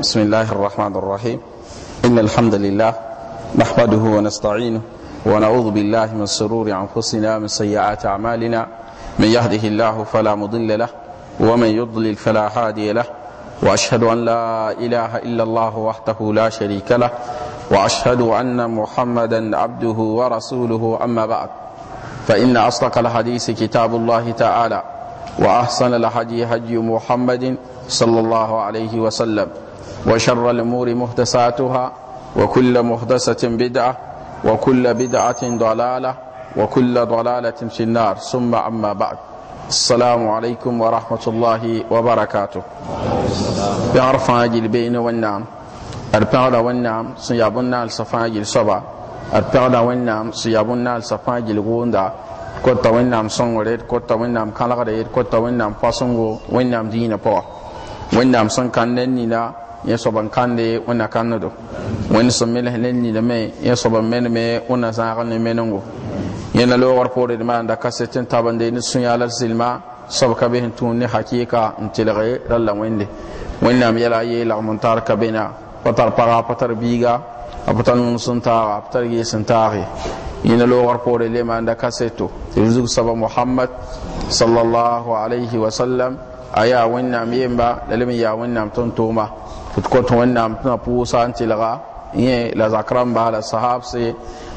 بسم الله الرحمن الرحيم إن الحمد لله نحمده ونستعينه ونعوذ بالله من سرور أنفسنا من سيئات أعمالنا من يهده الله فلا مضل له ومن يضلل فلا هادي له وأشهد أن لا إله إلا الله وحده لا شريك له وأشهد أن محمدا عبده ورسوله أما بعد فإن أصدق الحديث كتاب الله تعالى وأحسن الهدي هدي محمد صلى الله عليه وسلم وشر الأمور محدثاتها وكل محدثة بدعة وكل بدعة ضلالة وكل ضلالة في النار ثم أما بعد السلام عليكم ورحمة الله وبركاته بعرف أجل بين والنعم أربعة والنعم سيابنا الصفاجل صبا أربعة والنعم سيابنا الصفاجل غوندا kota wẽnnaam sõngret kota wẽnnaam kãlgd yet kota wẽnnaam pa sõngo wẽnnaam dĩinã pʋga wẽnnaam sẽn kãnd ned nina ya soban kande wona do wani sun mele helen ni da mai ya soban men me wona zaaga ne menengo yana lo war pore de man da kasetin tabande ni sun ya lal silma sab ka bihin tun ni hakika in ntilghe lalla wende wani am yala ye la mun tar ka bina patar para patar biga apatar mun sun ta apatar ge sun ta ge yana lo war pore le man da kaseto rizuk saba muhammad sallallahu alaihi wasallam aya wani am yemba lalim ya wani am tontoma tɩ kot wẽnnaam tɩ na pʋʋsa n tɩlga yẽ la zak ba la sahabse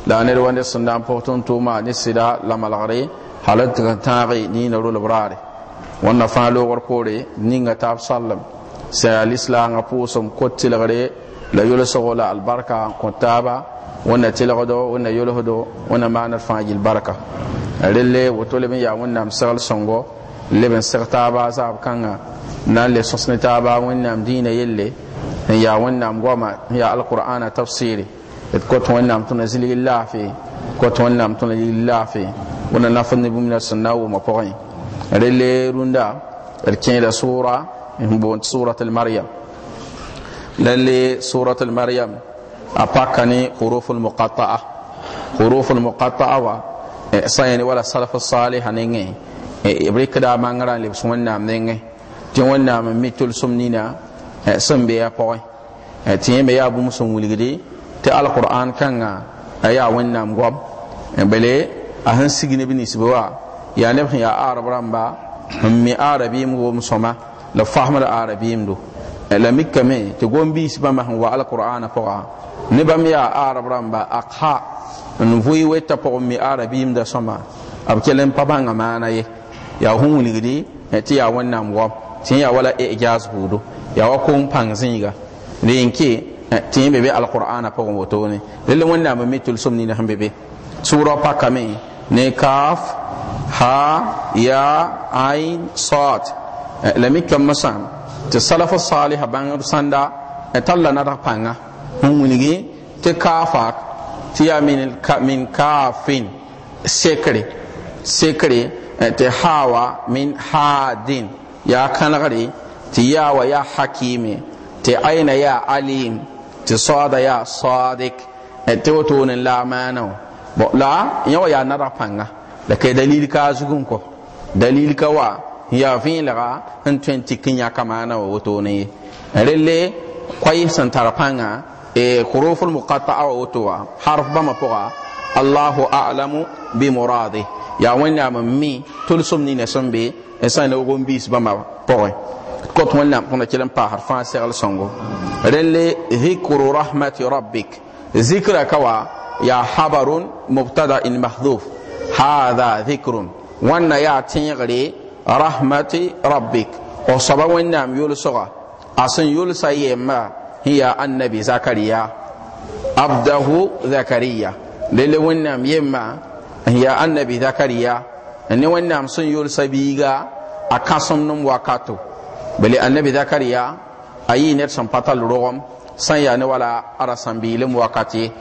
la ned wa ned sẽn da n pʋg tɩ n tʋʋma ne sɩda la malgre hal n tɩg n tãage niinã rolb raare wẽnna fãa loogr poore ninga taab sallem sẽn yaa lislaangã pʋʋsem kot tɩlgre la yolsgo la albarka n kõ taaba wẽnna tɩlgdo wẽnna yolsdo wẽnna maan d fãa gil barka relle woto leb n yaa wẽnnaam segl sõngo leb n ba za zaab na le sõs ne taaba wẽnnaam dĩinã yelle n yaa wẽnnaam ya alqur'ana tafsiri d kot wẽnnaam tʋna zilgi laafɩ kot wẽnnaam tʋna ligli laafɩ wẽna nafd na bũmb la sẽn na n wʋma pʋgẽ rele runda d da sura in bu suratul Maryam, lalle suratul maryam a paka muqatta'a huruful muqatta'a wa e sayani wala salafus saaliha nengẽ b rɩkda mangã lebs wẽnnaam nengẽ tɩ wẽnnaam n mi tʋlsem nina sẽn be a pʋgẽ tɩ yẽ me yaa bũmb sẽn wilgde tɩ alkʋr'an kãngã a yaa wẽnnaam goab bele a sẽn sig neb ninsb wa yaa neb sẽn yaa arab rãmba n mi arabɩɩmg wʋm sõma la fasmd arabɩɩmdo la mikame tɩ gom-biis bãmba sẽn wa alkʋr'ana pʋga ne bãmb yaa arab rãmba aqha n vʋɩ weta pʋg n mi arabɩɩmda sõma b kell n pa bãnga maana ye ya hun wilgdi ti ya wannan wa tin ya wala e gas hudu ya wa kun panzinga ne yinke tin bebe alqur'ana fa gon woto ne lalle wannan ba mitul sumni na hanbebe sura paka kame ne kaf ha ya ain sad la mikam masan ti salafu salih ban sanda talla na da panga hun wilgi ti kafa ti ya min kafin sekre sekre Ti hawa min haadin yaa gari. Ti ya wa ya hakimi. Ti aina ya alim Ti soada ya sadik Ti wotoon n la maana la yawa ya wa fanga. nadg pãnga dalil ka zugun ko kɔ dalil ka wa ya yaa laga n tõe kin ya n yãka maana wã wotoone ye san koy sẽn e Kuruful pãnga wa woto wa harf ba pʋga الله أعلم بمراده يا وين نعم مي تلسم نينا بي إنسان لو قوم بيس بما بوي كوت وين نعم كنا كلام باهر فان سيغل سنغو رلي ذكر رحمة ربك ذكر كوا يا حبر مبتدأ محذوف هذا ذكر وانا يا تنغري رحمة ربك وصبا وين نعم يلسغا أصن يلسا يما هي النبي زكريا عبده زكريا lele wannan yemba ya annabi zakariya ne wannan sẽn yul sabiga a kãsem nim wakato bele annabi zakariya a ne san patal rogom san ya ne wala a ra sãn biilem wakat ye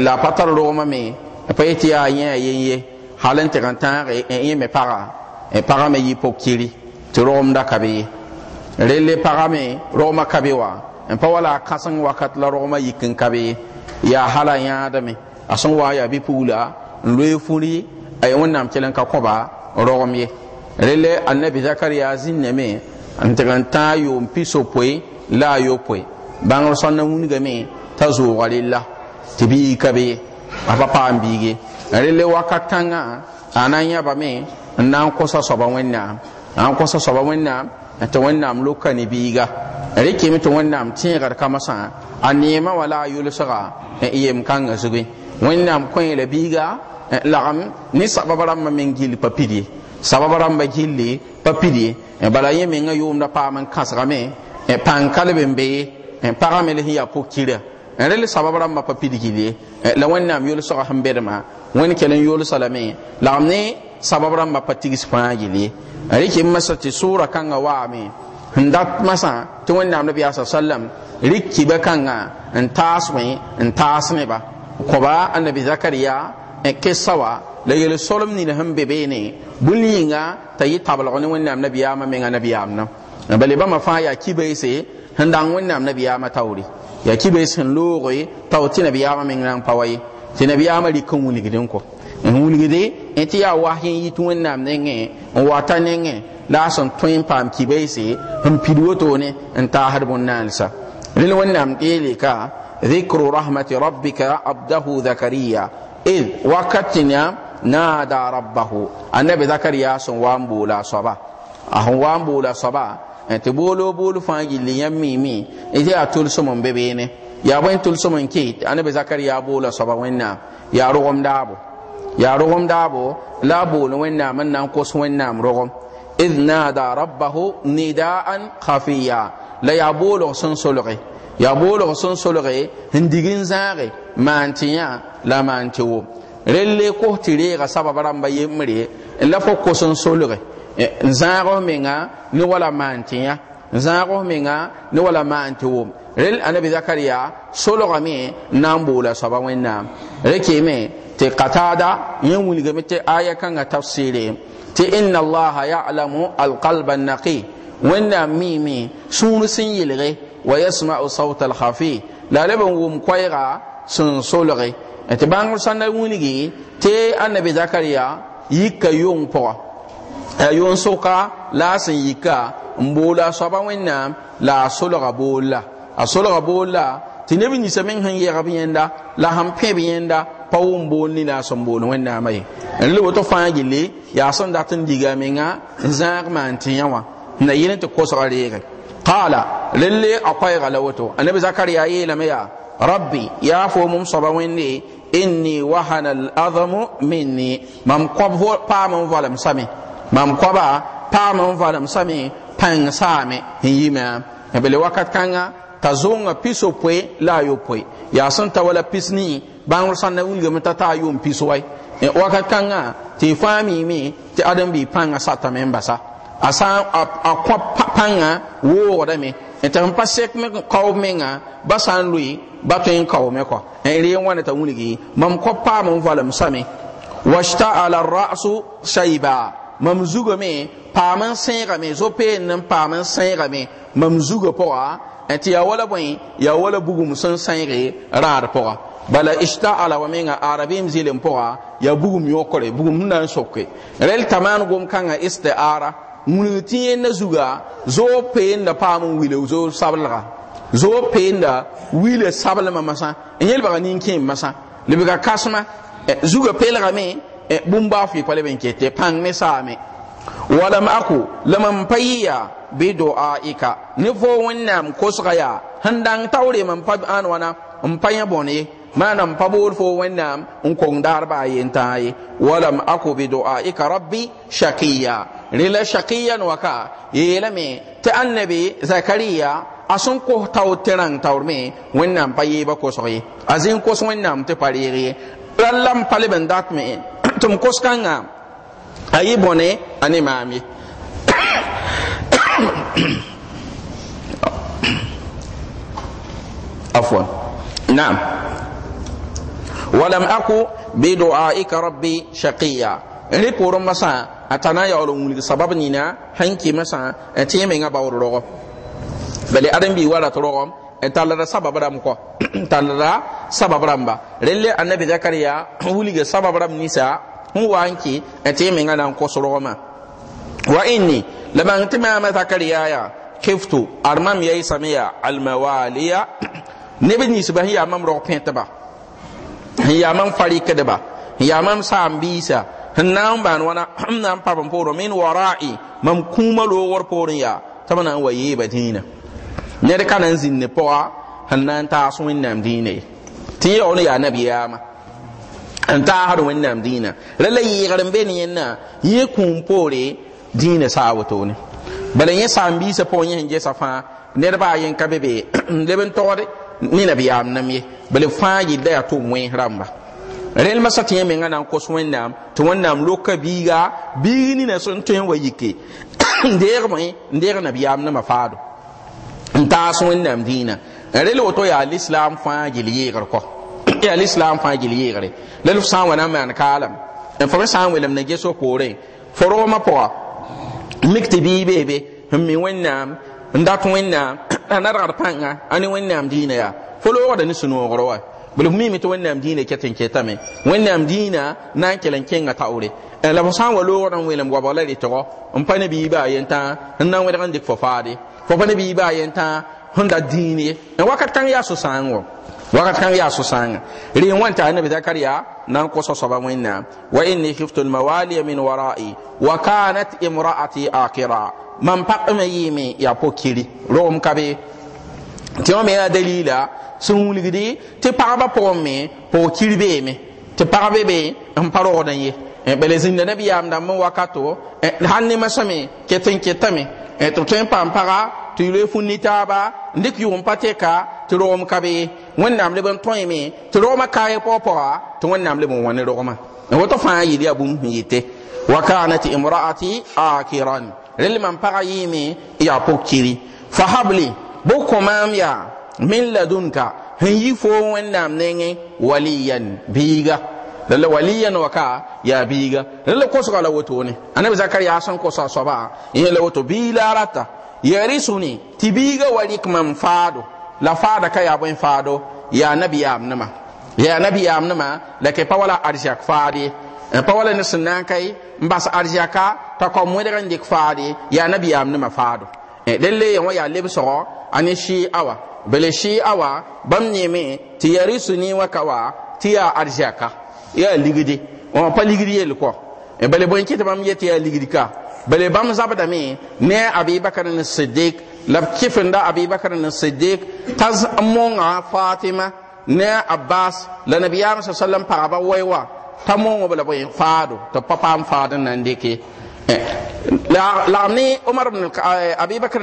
la a pa me pa yetɩ yaa yẽ ye hal n tɩg e tãage n yẽme paga paga me yɩ pokiri rogom da ka be para paga me roma ka be wa n pa wala a wakat la roma yikin kabe ka be ya adami a sẽn wa yaa bɩ pugla n loee fũri ay wẽnnaam kell n ka kõba rogem ye rele annabi zakariya zĩnname n tɩg n tã a yoom pi sopoe la a yopoe bãngr sãn na wingame t'a zooga rella tɩ bɩ yika be ye a pa paam biige rele wakat kãngã a na n yãbame n na n kosa soaba wẽnnaam n kosa soaba wẽnnaam tɩ wẽnnaam loka ne biiga rɩkeme tɩ wẽnnaam tẽegd kambã sã a neemã wala a yʋlsga n yem kãngã zugẽ wẽnnaam kõe la biiga lagm ne sababa rãmbã me n eh, gill pa pid ye sabab rãmbã gilli pa pid ye bala yẽ mengã yoomda paam n kãsgame pãn kalb n be ye eh, pagã me le sẽn yaa pok-kira rel eh, sababa rãmbã pa pid gill ye la wẽnnaam yʋl-soga sẽn bedmã wẽnd kell n yʋlsa lame lagm ne sabab rãmbã pa tigs fãa gill ye rɩk m masa tɩ sʋʋra kãngã waame n dat masã tɩ wẽnnaam nabiyaa sa sallam rɩk kɩba kãngã n taas n taas neba koba annabi zakariya n kɩsa wa yele solom ni nin sẽn be beene bũmb yĩnga t'a wonna annabi ya ma nabiyaamã annabi ya amna bale ba ma fa ya kibe bãmbã fãa yaa kibɛɛse sẽn dãng wẽnnaam nabiyaamã taoore yaa kibɛɛs tawti annabi ya ma nabiyaamã meng pawai ti annabi ya ma tɩ wuni gidin ko en wuni gidi en ti ya wahin yi tu wonna amne nge n wata ne nge la a sẽn tõe n paam kibɛɛse n pid wotone n taasd bõn-naalsa rel wẽnnaam tɩ ka ذكر رحمة ربك عبده زكريا إذ وقتنا نادى ربه النبي زكريا سنوان بولا صبا أهو بولا صبا أنت بولو بولو فانجي ليام مي إذا أتول سمم ببيني يا وين تول سمم كيت النبي زكريا بولا صبا وينا يا رغم دابو يا رغم دابو لا بول وينا من ننقص وينا رغم إذ نادى ربه نداء خفيا لا يبولو سنسلغي ya bolo son solge n dig n mantiya la mantiwo. relle ko tire ga sababa rãmba yembre n la fo kos n solge n e, menga ni wala mantiya. tɩ menga ni wala mantiwo rel anabi zakariya solgame me na n boola soaba wẽnnaam rɩkɩme tɩ qatada yẽ wilgame aya aya ga tafsire te inna allaha yalamu alqalba an-naqi wẽnnaam mimi sunu sẽn yelge wa yasma'u sawta al-khafi la le ban wum koyra sun solore ti ban sãn na wingri tɩ annabi zakariya yika yong pʋga a yʋʋn sʋka la a sẽn yika n boola soaba wẽnnaam la solara solga boolla a solara boolla tɩ neb ninsã meng sẽn yɛgb yẽnda la sẽn pẽb yẽnda pa wʋm bool ne la a sẽn bool wẽnnaamã ye n le woto fãa gilli yaa sẽn dat n diga menga n zãag maan tẽyã wã n na yɩl tɩ kosga reege qala lalle akwai galawato annabi zakariya yayi lame ya rabbi ya fo mum saba wende inni wahana al-azmu minni mam kwab pa mam valam sami mam kwaba pa mam valam sami pan sami yima bele wakat kanga ta zonga piso pwe la yo pwe ya san ta wala pisni ban san na wulga ta ta yo piso ti bi sata membasa a sã a kõ pãngã woodame n tɩ n pa sek me kaoob menga ba sã n loe ba tõe n kaoome kɔ e, n ree wãna t'a wilgi mam kõ paam n volemsame wasta'ala ra'su shayba mam zugo zugame paam n sẽegame zo-peen pe n paam n sẽegame mam zugã pʋga e, tɩ ya wala bõe ya wala bugum sẽn sẽege rãad pʋga bala ishta ala wa menga arabim zɩlem pʋga yaa bugum yõkre bugum sẽn na n soke rel tamaan gom-kãngã isti'ara munu na zuga zo peenda da n wile zoog zo zoog da wile sablmã masã n yelbga nin-kẽem masã lebga kasma eh, zuga pelgame eh, bũmb baaf yɩ pa leb n kete pãng me wala ma aku lam n pa yɩya bɩ do'aika ne fo wẽnnaam ko suka ya handan taoore man pa an wana n bone ما نم boor فو ونام ان كون دار a yentãaye walam aku bi du'aika rabbi shakiya rela shakiyan waka yeelame tɩ annabi zakariya a sẽn kos taood tɩ me wẽnnaam pa ba kosg ye a zĩn kos wẽnnaam tɩ ye ralla dat a ولم أكو بدعائك ربي شقيا ريبور مسا أتنا يعلم سبب نينا هنكي مسا أتيمي نباور رغم بل أرنبي ولا ترغم talara sabab ram ko talara sabab ramba relle annabi zakariya wulige sabab ram nisa hu wanki ate me ngana ko soroma wa inni lama ntima ma zakariya ya khiftu armam yayi samiya al mawaliya ne bi nisbahi amam ro pentaba n man mam pa rɩkdba n yaa mam saam biisa na n baan wãna n na n pa n poorẽ min wara'i mam kuma lo war poro ya tɩ b na n wa yeeba dĩinã ned ka na n zĩnd ne pʋga n na n taas wẽnnaam dĩinã ye tɩ yɛo ne yaa nabiyaamã n taasd wẽnnaam dĩinã be ne yana yẽ kun pore dĩinã sa wato ne balan ya biisã pʋgẽ bisa sẽn gesa fãa ned baa yen ka be be n ne nabiyaam nam ye bale fãa yɩlda yaa tʋʋm wẽes rãmba rẽl masã tɩ yẽ menga na n kos wẽnnaam tɩ wẽnnaam loka biga, biig ni na tõe n wa yike n deegme n deeg nabiyaam nambã faado n taas wẽnnaam dĩinã rẽl woto yaa lislaam fãa yi yɩɩgr kɔ yaa lislaam fãa gil yɩɩgre la f sã n wa an n maan Fa fo me sã n welm na geso poorẽ fo roomã pʋga bi bebe. mi wẽnnaam n dat wẽnnaam ana ragar panga ani wẽnnaam diinã yaa fo loogda ne sũ-noogr wa bl f miime tɩ wẽnnaam diinã ket n ketame wẽnnaam diinã na n kell n kenga taoore la fo sã n wa loogr n welem goaba la retgɔ n pa nebiiba yentã n na wẽdg fo faade fo pa nebiiba a yentã sẽn da diin ye n wakat kãng yaa sũ-sãang wa wakat kãng yaa sũ-sãanga rẽ wãn tɩ anabi zakariya na n kosa soaba wẽnnaam wa inni khiftu lmawalia min wara'i wa kanat imra'ati akira man yi yime ya pokiri rom kabe ti o me ya dalila sun wulgidi ti pagba pomme pokiri be me ti pagbe be an paro dan ye bele zinda nabi yam dan mun wakato hanne masame ketin ketame to tin pam paga ti le funni taba ndik yum pateka ti rom kabe wẽnnaam leb n tõe me tɩ rogmã kaayɛ paopoga tɩ wẽnnaam leb n wa ne rogmã n woto fãa yi yaa bũmb sẽn yɩte wa kanat imraati akiran rel man paga yime ya pok kiri fa habli bo komam ya min ladunka hin yi fo wẽnnaam nengẽ waliyan biiga lala waliyan waka ya biiga lala kosga la wotone anabi zakariya sẽn kosa soaba n yẽ la woto bii la a rata yarisuni tɩ biiga wa rɩk mam faado la faada ka yaa bõe faado yaa nabiyaam nima yaa nabiyaam nima la kẽ pa wala arzak faad ye E, pa wala ne sẽn kai n kae n bas t'a kɔ wẽdg n dɩk faade yaa nabiyaam nima faado dẽn e, le yẽ wã yaa lebsgɔ a shi awa bele shi awa bam neeme tɩ yaa rɩsuni wã wa kawa ti ya arzaka ya ligidi wã pa ligidi yel kɔ e, bele kiti bam ye ti ya ligidi ka bele bãmb zabdame ne a abibakr ne sɩdɩk la da kɩfenda abibakr ne tas t'a monga fatima ne abbas la nabiyaam sa sallam pagba wɛɛ wa ta mo bala bo en faado ta papa am faado nan deke eh, la ni umar ibn eh, abi bakr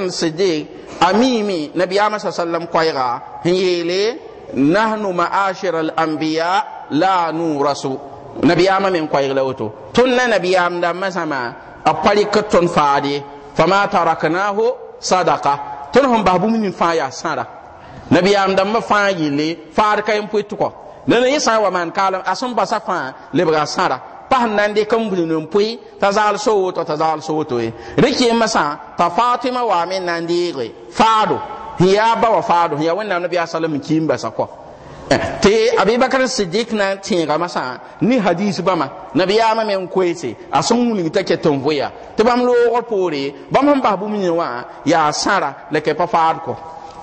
amimi nabi ama sallam qayra yele nahnu ma'ashir al-anbiya la nurasu nabi ama min qayla wato tunna nabi am da masama a parikatun faade fama taraknahu sadaka tun hum babu min fa ya sara nabi am da ma fa yele faar kayan puituko ne ne yẽsã wa man kaalem a ba basa le lebga sara pa nan na n dɩk n bũmb t'a zal so to t'a zal so to e rɩk yembã t'a fatima wa min nan n deege faado sẽn ba wa fado hiya yaa nabi sallallahu alaihi n kiim basa kɔ eh, tɩ abibakr sidik na n ni hadisi ba ma bãmba nabiyaamã ma n kwese a sun wilg t'a voya te ba tɩ lo ko pore ba mu ba bu yẽ wa ya sara le ke pa fado kɔ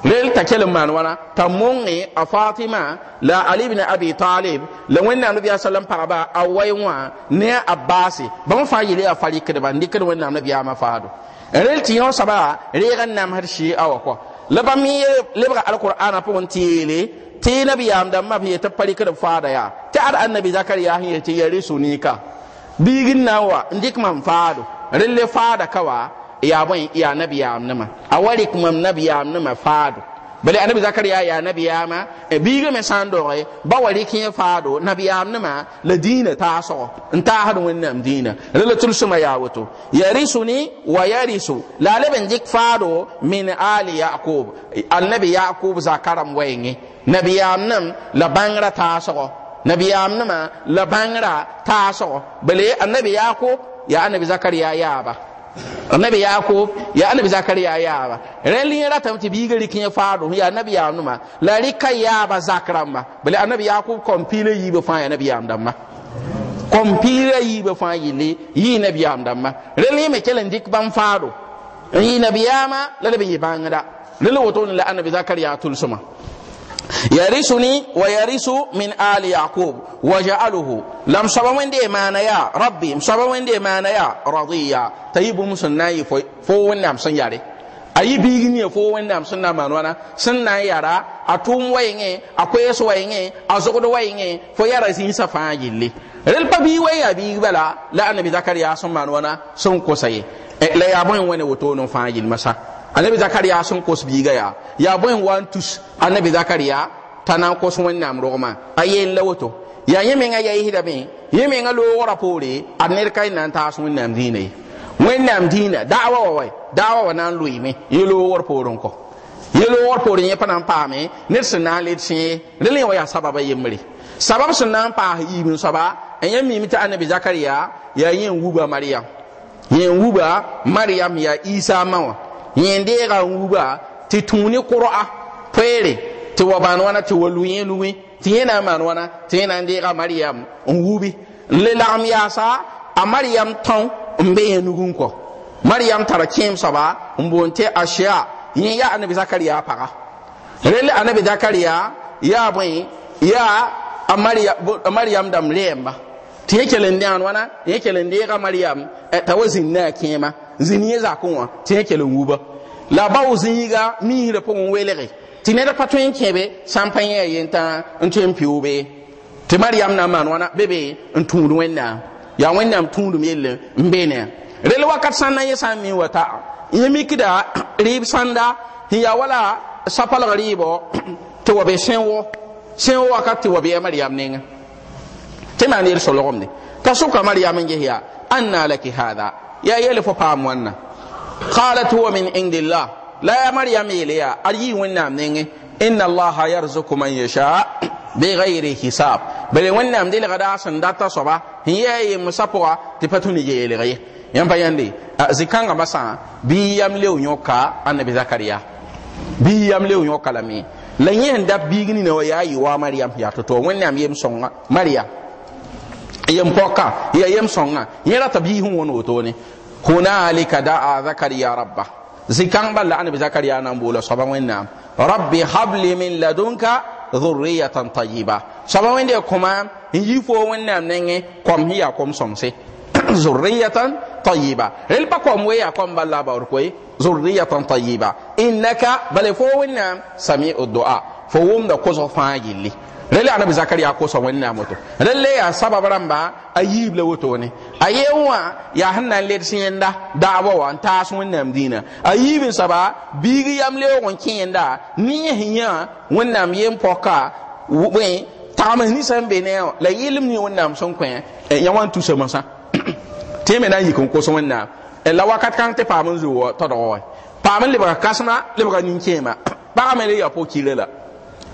rel ta kelm man wana ta mongi a fatima la ali ibn abi talib la wẽnnaam nabiya sallam a wai wã ne a baase bãmb fãa yele a farikdba n dɩkd wẽnnaam nabiyaamã faado rel tɩ yõ soaba reeg n namsd har shi awa kɔ la bãmb mi lebga alkur'ana pʋgẽ teele tɩ nabiyaam dãmbã b yetɩ pa rɩkd faada yaa tɩ ad annabi zakariya sẽn yetɩ ya resunika biig n na n wa n dɩk rel le ya bõe yaa nabiyaam nima a wa rɩk mam nabiyaam nima faado bala anabi zakariya yaa nabiyaama biigã me sã n doge ba wa rɩk yẽ faado nabiyaam nima la diinã taasgɔ n taasd wẽnnaam diinã rẽ la tʋlsmã yaa woto yarisuni wa yarisu la a leb n dɩk faado min ali yakub alnabi yakub zakarãm wɛɛngẽ nabiyaam nim la bãngrã taasgɔ nabiyaam nima la bãngrã taasgɔ bala annabi yakub yaa anabi zakariya yaaba annabi yakub ya annabi zakariya yaaba rẽl yẽ ratame tɩ biigã rɩk yẽ faadum yaa nabiyaam numa la rɩka yaaba zak rãmba bele annabi yakub kom piirã yiibã fãa yaa nabiyaam dãmba kom piirã yiibã fãa yelle yɩɩ nabiyaam dãmba rẽl yẽ me kell n dɩk bãmb faado n yɩ nabiyaamã la leb n yɩ bãngda rẽl woto ne la annabi zakariya a tʋlsma يرثني ويرث من آل يعقوب وجعله لم سبا وين دي مانا يا ربي سبا وين دي مانا يا رضيا تيب مسناي فو وين نام سنجاري ayi biigi ne fo wẽnnaam sẽn na n maan wãna na yara a tʋʋm wɛɩngẽ a koɛɛs wɛɩngẽ a zogd wɛɩngẽ fo yara zĩnsã fãa yelle rel pa bii wɛn yaa biig bala la annabi zakariya sẽn maan wãna sẽn kosa ye e, la yaa bõe annabi zakariya sun kos bi ya ya boyin wantus wa annabi zakariya t'a na kos wẽnnaam rogmã a yeel la ya yɩsdame yẽ mengã loogrã poore ad ned ka n na n taas wẽnnaam dĩinã ye wẽnnaam dĩinã da'awa wa wa da'awa wa na n loeeme yẽ loogr poor n kɔ yẽ loogr poor pa me n paame ned sẽn na ya led ye sababa sabab sẽn pa yi paas saba n soaba mi ta annabi zakariya ya yin wuba maryam yin wuba maryam ya isa mawa. yẽndeegã n wuga tɩ tũuni kʋrɔa poeere tɩ wa maan wãna tɩ wa lu-yẽ luẽ tɩ yẽ na n maan wãna tɩ yẽ na n deega mariyam n wubi n le lagem yaasa a mariyam tõng n be yẽ nugu kɔ mariyam tara kẽem soaba n boond tɩ asia yẽ yaa anabi zakariya paga rel anabi zakariya yaa bõe yaa a mariyam dãmb rɛɛmba tɩ yẽ kell n dẽan wãna yẽ kell n deega mariyam e, t'a wa zĩnd ne a kẽema zĩnd yẽ zakẽ wã tɩ yẽ kell n wuba la bao zĩn miisrã pʋgẽ welge tɩ ned pa tõe n kẽbe sã pa yẽ yentã n tõe n pioobe tɩ mariyam na n maan wãna be n tũud wẽnnaam yaa wẽnnaam tũudum yell n beene a rel wakat sãn na yẽ sã n mi wa ta'a yẽ mikda rɩɩb sãnda sẽn yaa wala sapalg rɩɩbɔ tɩ wa be sẽn wo sẽn wo wakat tɩ wa bɩa mariyam ninga tɩ maan yel solgemde t'a sʋka mariyam n ges yaa anna laki hada ya yi wannan qalat huwa min indillah la ya maryam iliya ayi wannan ne inna yarzuqu man yasha hisab bele wannan dele gada san data soba hiye musapwa tipatuni yele gaye yan pa yande ah, zikanga bi yam lew nyoka annabi zakariya bi yam lew nyoka da na yem poka ya yem songa yera tabihun wono wotone hunalika da'a zakariya rabba zikan balla annabi zakariya nan bola saba wenna rabbi habli min ladunka dhurriyatan tayyiba saba wende kuma yi fo wenna nenge kom hiya kom somse dhurriyatan tayyiba rel pa kom we ya kom balla ba urkoy dhurriyatan tayyiba innaka bal fo wenna sami'u du'a fo wʋmda kosg fãa gilli rel anabi zakariya kosa wẽnnaam woto rel yaa sabab rãmba a yiib la wotone a yi wã yaa sẽn na n leds yẽnda daawa wã n taas wẽnnaam dĩinã a yiib n saba biig yam leoog n kẽenda nees yã wẽnnaam yen pɔka bõe tagms ninsã n be ne la yɩlm ne wẽnnaam sẽn kõ e, yã wa n tusa masã tɩ me na n yik n wẽnnaam e, la wakat kãng tɩ paam n zoog todg wa paam n lebga kãsema lebga nin-kẽema pagame le yaa kire la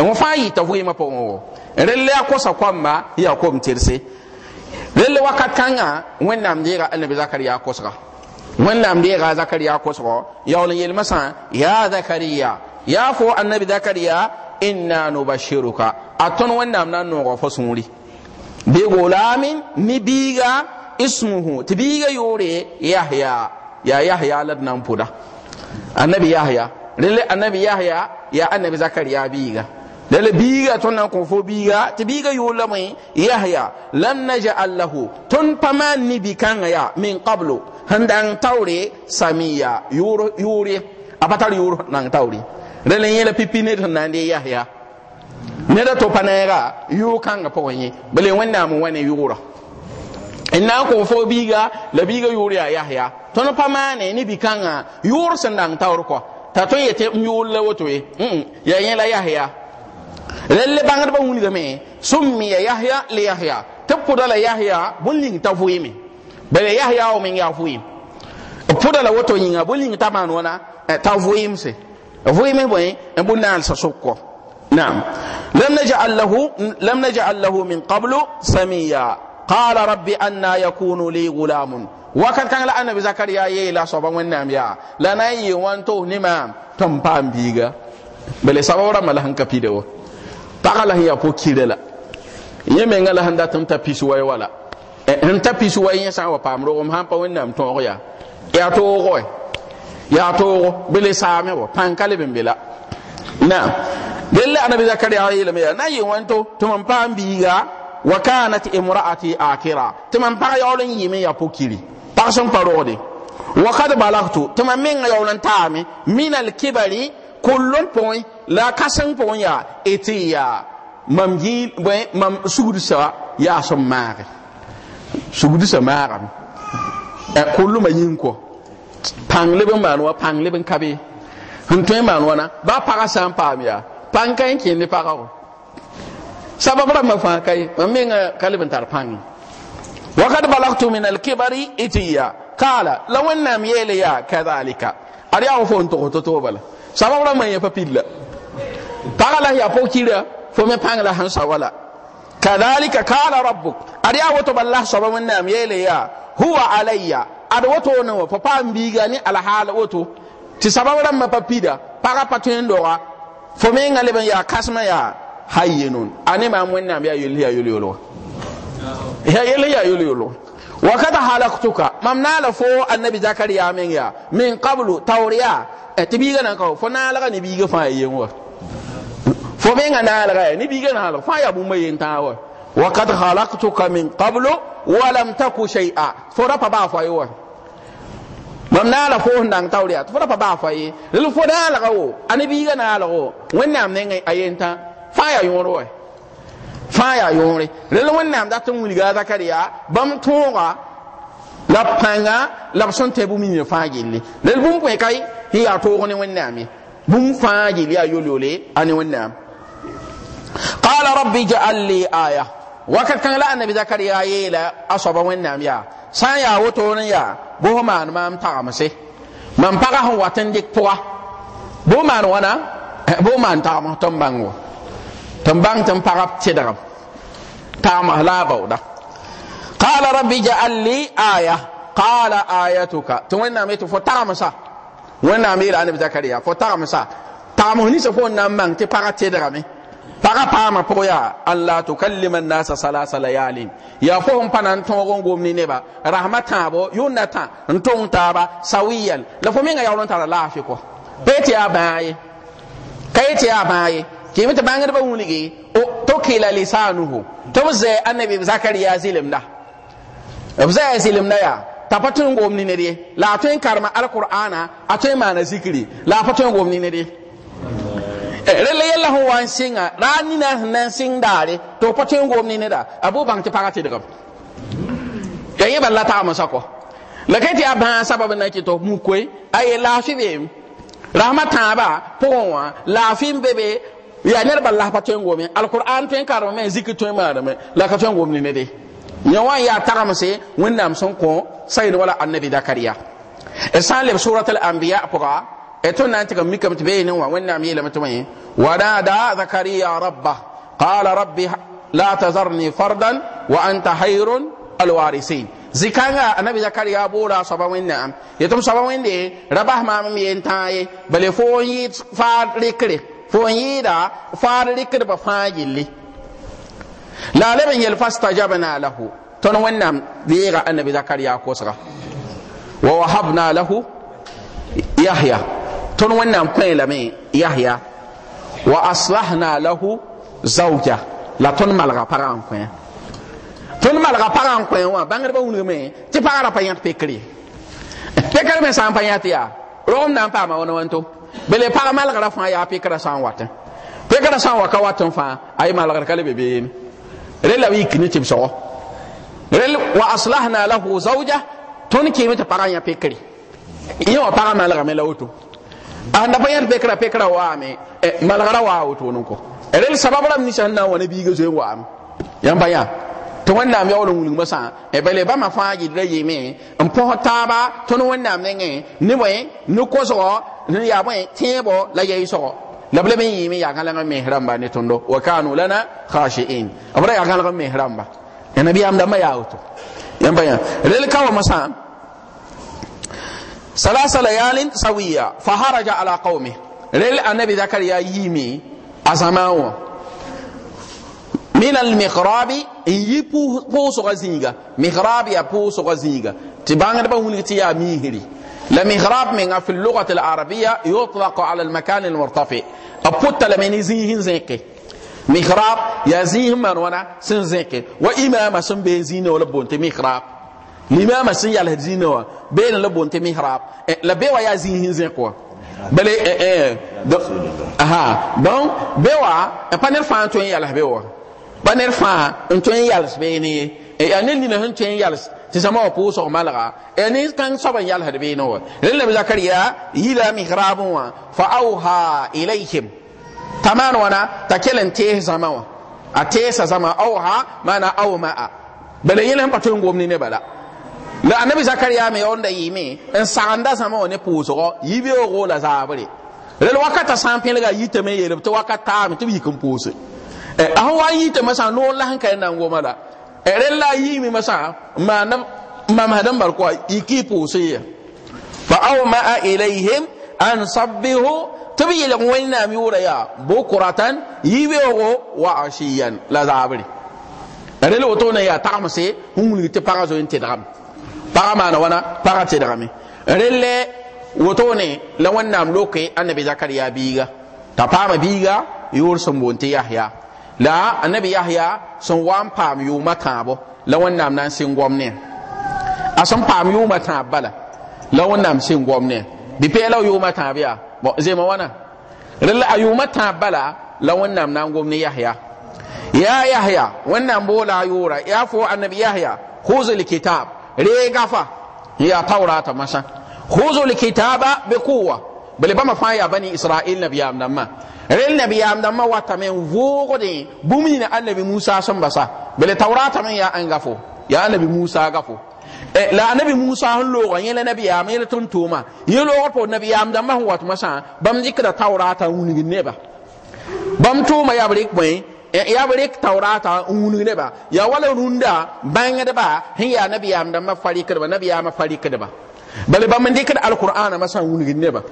fa yi ma n fãa yita vɩɩmã pʋgẽ wo rel yaa kosa koamba yaa kom terse rel wakat kãngã wẽnnaam deega annabi zakariya kosga wẽnnaam deega zakariya kosgo yaool n yelmã sã zakari ya yaa fo no ba inna ka a tõnd wẽnnaam na nɔgɔ noogã fo sũuri bɩ gʋlaamin mi biiga isunhu ti tɩ biiga yoore yahya ya yahya la d na n pʋda annabi yahya rel annabi yahya yaa annabi zakariya biiga dala biiga tõnd na n kõ fo biiga tɩ biiga yʋʋlame yahya lan najal lahu tõnd pa maan bi-kãngã yaa min qablo sẽn da n taoore samiya yʋʋr a pa tar yʋʋr na n taoore rel n yẽla pipi ned sẽn na n dee yahya da to pa neega yʋʋ-kãngã pʋgẽ yẽ bale wẽnnaam n wa ne yʋʋra n na n kõ fo biiga la biiga yʋʋr yaa yahya tõnd pa maane bi-kãngã yʋʋr sẽn da n taoor kɔ t'a tõe n yetɩ n yʋʋl la woto ye ya yẽ la yahya relle bãngdbã wilgame sũmmiya yahya le yahya tɩ b pʋda la yahya bõn ling t'a vɩɩme yahya wa meng yaa vɩɩm b pʋda la woto yĩnga bõn ling t'a maan wãna t'a vɩɩmse vɩɩme bõe n bõn na n sa sʋkɔ نعم لم نجعل له لم نجعل له من قبل سميا قال ربي أن يكون لي غلام وكان كان النبي زكريا يلا صبا ونام يا لا ناي وانتو نما تم بام بيغا بل سبب رمى لهن كبيدو Paɣa la ya yaa kire la yẽ menga la sẽn dat n ta pis wala sẽn e, ta pis wɛɛ yẽ sã n wa paam rogem sãn pa wẽnnaam tõog yaa yaa toogo yaa toogo bɩ le saame wa pãn ka leb n be la naam dẽn zakariya yeelame yaa na yɩ wẽn tɩ mam biiga wa kanat imraati akira tɩ mam pag yaool n yɩɩm n yaa pokiri pag sẽn pa rogde wakad balagtu tɩ mam menga yaool n taame min alkibari kullun pʋgẽ la kasẽng pʋgẽ yaa ete mam gɩɩl mam sugudu sa ya maage mare sugudu sa mare e kullu ma yin ko pang pãng man wa pang be kabe tõe n maan wãna ba pagã sã n ya pang kan ki ni kẽende pagao sabab rãmbã ma fa kai mam menga kalibin tar pãnge wakad balagtu min kibari itiya kala la wẽnnaam yeele ya kadhalika ariya fo n to bala la sabab ma ya pa pilla paga la ya pokira fo me pang la hansa wala kadhalika kala rabbuk ari awoto ballah saba mun nam yele ya huwa alayya ad woto no fo pam biga ni al hala woto ti sabab ram ma papida paga patin dora fo me ngale ban ya kasma ya hayyinun ani ma min nam ya yuli ya yuli yolo ya yele ya yuli yolo wa kad halaktuka mamnala fo annabi zakariya men ya min qablu tawriya e, tibiga nan ka fo nalaga ni biga fa yewa fo me nga naalga ya ni biiga naalg fãa yaa bũmba yentãa wa wakad halaktuka min qablu walam taku shay'a fo ra pa baa fa ye wa mam naala fo sẽn dãng taoor yaa tɩ fo ra pa baa fa ye rel fo naalga wo a ne biiga naalg wo wẽnnaam ne a yentã fãa yaa yõor wa fãa yaa yõore rel wẽnnaam dat n wilga zakariya bãmb tõoga la b pãnga la b sẽn tɩ bũmb yĩme fãa gilli rel bũmb pʋẽ ka sẽn yaa toog ne wẽnnaam ye bũmb fãa gill a yol-yole a ne wẽnnaam قال ربي اجعل لي آية وكان كان لا النبي ذكر يا يلا أصاب وين نام يا سان يا وتون يا بوهما ما متعمسه من بقى هو تندك بوا بوما وانا تام تام بوما تعم تنبانو تنبان تنبقى تدرم تام لا بودا قال ربي اجعل لي آية قال آيتك توين نامي تفو تعمسه وين نام يلا النبي ذكر يا زكريا تام هني سفون نام تي بقى تدرمه paga paama pʋgẽ yaa an la tukallima nnasa salasa layalin ya fo n pa na n tõog n gomni neba rasma tãabo yʋnda tã n tʋng taaba sawiyal la fo menga yaoor n tara laafɩ kɔ pa yetɩ yaa bãa ye ka yetɩ yaa bãa ye kɩɩm tɩ bãngdbã wilge tokɩla lisanuhu tɩ b zɛ annabi zakariya zɩlemda b zɛa zɩlemda yaa t'a pa tõe n gomni ned ye la a tõe n karema alkur'ana a tõe n maana zikri la a pa tõe n ned ye rela yɛla sẽn wa n sɩnga raa nina sẽn na n sɩng daare tɩ fo pa tõe n goom nine da a boo bãng tɩ pagã tɩdgame ka yẽ bala tagame sakɔ la ka tɩ yaa bãa sabab n na kɩ tɩ mu koe a ye laafɩ beem rasmã tãabã pʋgẽ wã laafɩ n bebe yaa ned bala pa tõe n goome alkʋran tõe n karemame zikr tõe n maareme la ka tõe n goom nine de yẽ wã n yaa tagemse wẽnnaam sẽn kõ sayd wala annabi zakariya d sã n leb suratl anbiya pʋga اتو نانتي كم ميكم تبين هو وين نعم يلا متوين ونادى زكريا ربه قال ربي لا تذرني فردا وانت خير الوارثين زكانا انا بزكريا بورا صبا وين نعم يتم صبا وين دي ربه ما من ينتاي بل فون يد فاركري فون يد فاركري بفاجلي لا لم يلفاستجبنا له تون وين نعم ذيغا انا بزكريا كوسغا ووهبنا له يحيى wannan wẽnnaam kõelame yahya wa aslahna lahu zauja la tõnd malga pa an kõ tõnd malga pa an kõ wa, bãngdbã wilgame tɩ pagrã pa yãt pekre pekr me sã n pa yãt yaa rogem na n paama wani wãn to bele pag malgrã fãa yaa pekrã sã n wat san sã n wa ka wat n fãa ay malgr bebe le be beeme rel la b yik ne tɩbsgɔ rel wa aslahna lahu zauja tõnd kɩɩme tɩ pagã yã pekre yẽ wã pagã malgame la anda pa yar pekra pekra wa me malgara wa auto nun ko e, rel sabab ram ni shan na wona bi ga zo wa am yan ba ya to wanda am yawon wulun masa e bale ba ma fa gi da yeme en po ta ba to no wanda am ne ne boy no ko so ne ya boy tebo la yayi so la bale ben yeme ya kan la me hram ba ne tondo wa kanu lana khashiin abra ya kan la me hram ba ya e, nabi am da ma ya auto yan ba ya rel ka wa masa ثلاث ليال سوية فهرج على قومه رل النبي يا يمي أسماوه من المقراب يي بوسو غزيغا مقراب يا بوسو غزيغا تبان دبا ولتي يا ميهري لا من في اللغة العربية يطلق على المكان المرتفع أبوت لمن زيهن زيكي مغرب يا من وانا سن وإمام سن بيزين ولا بونت limama sun yal hadina wa be la bon te eh, la be wa ya zin hin zin ko bale eh eh aha donc be wa eh, pa ner fa ton yal be wa pa ner fa ton yal be ni e ya ne lina hin ton yal ti sama ko so malaga e ni kan so ban yal hadbe no le le zakariya yila mihrab wa fa auha ilaihim taman te wa a bale ne bala la annabi zakariya me yonda yime en saganda sama ne puso yibe o gola zabre rel wakata sampil ga yite me yele to wakata am to yikum puso eh an yi ta e, masa no la hanka na ngoma la e, rel la yi yimi masa ma na ma madan bar ko yiki puso ya fa aw ma ilaihim an sabbihu tabi wani na mi wura ya bukuratan yibe o wa ashiyan la zabre rel wato na ya tamse hun ni te fara en te dam paga maana wana paga tɩdgame relle wotone la wẽnnaam loke annabi zakariya biiga t'a paama biiga yʋʋr sẽn boon tɩ yahya la annabi yahya sẽn wa n paam yʋʋmã kãabo la wẽnnaam na n sɩn gɔm ne a sẽn paam yʋʋmã tãab bala la wẽnnaam sɩn gɔm ne bɩ-pɛɛ la yʋʋmã tãab yaa bõ zema wãna rel a yʋʋmã tãab bala la wẽnnaam na n gom ne yahya yaa yahya wẽnnaam boola a yʋʋra yaa fo annabi yahya hʋʋz lkitab rega fa ya taurata masa khuzul kitaba bi quwwa bele bama fa ya bani israil nabiyam namma rel nabiyam namma wata men vogode bumi na annabi musa san basa bele taurata men ya an gafo ya annabi musa gafo eh, la annabi musa han lo ga yele nabi ya mele tun tuma yelo ko nabi ya namma wat masa bam dikra taurata wuni neba bam tuma ya brik mai Eh, ya bare taurata unu ne ba ya wala runda bayan da ba hin ya nabi ya amdan ma farika ba nabi ya ma farika ba bale ba mun dikar alqur'ana masan unu ne ba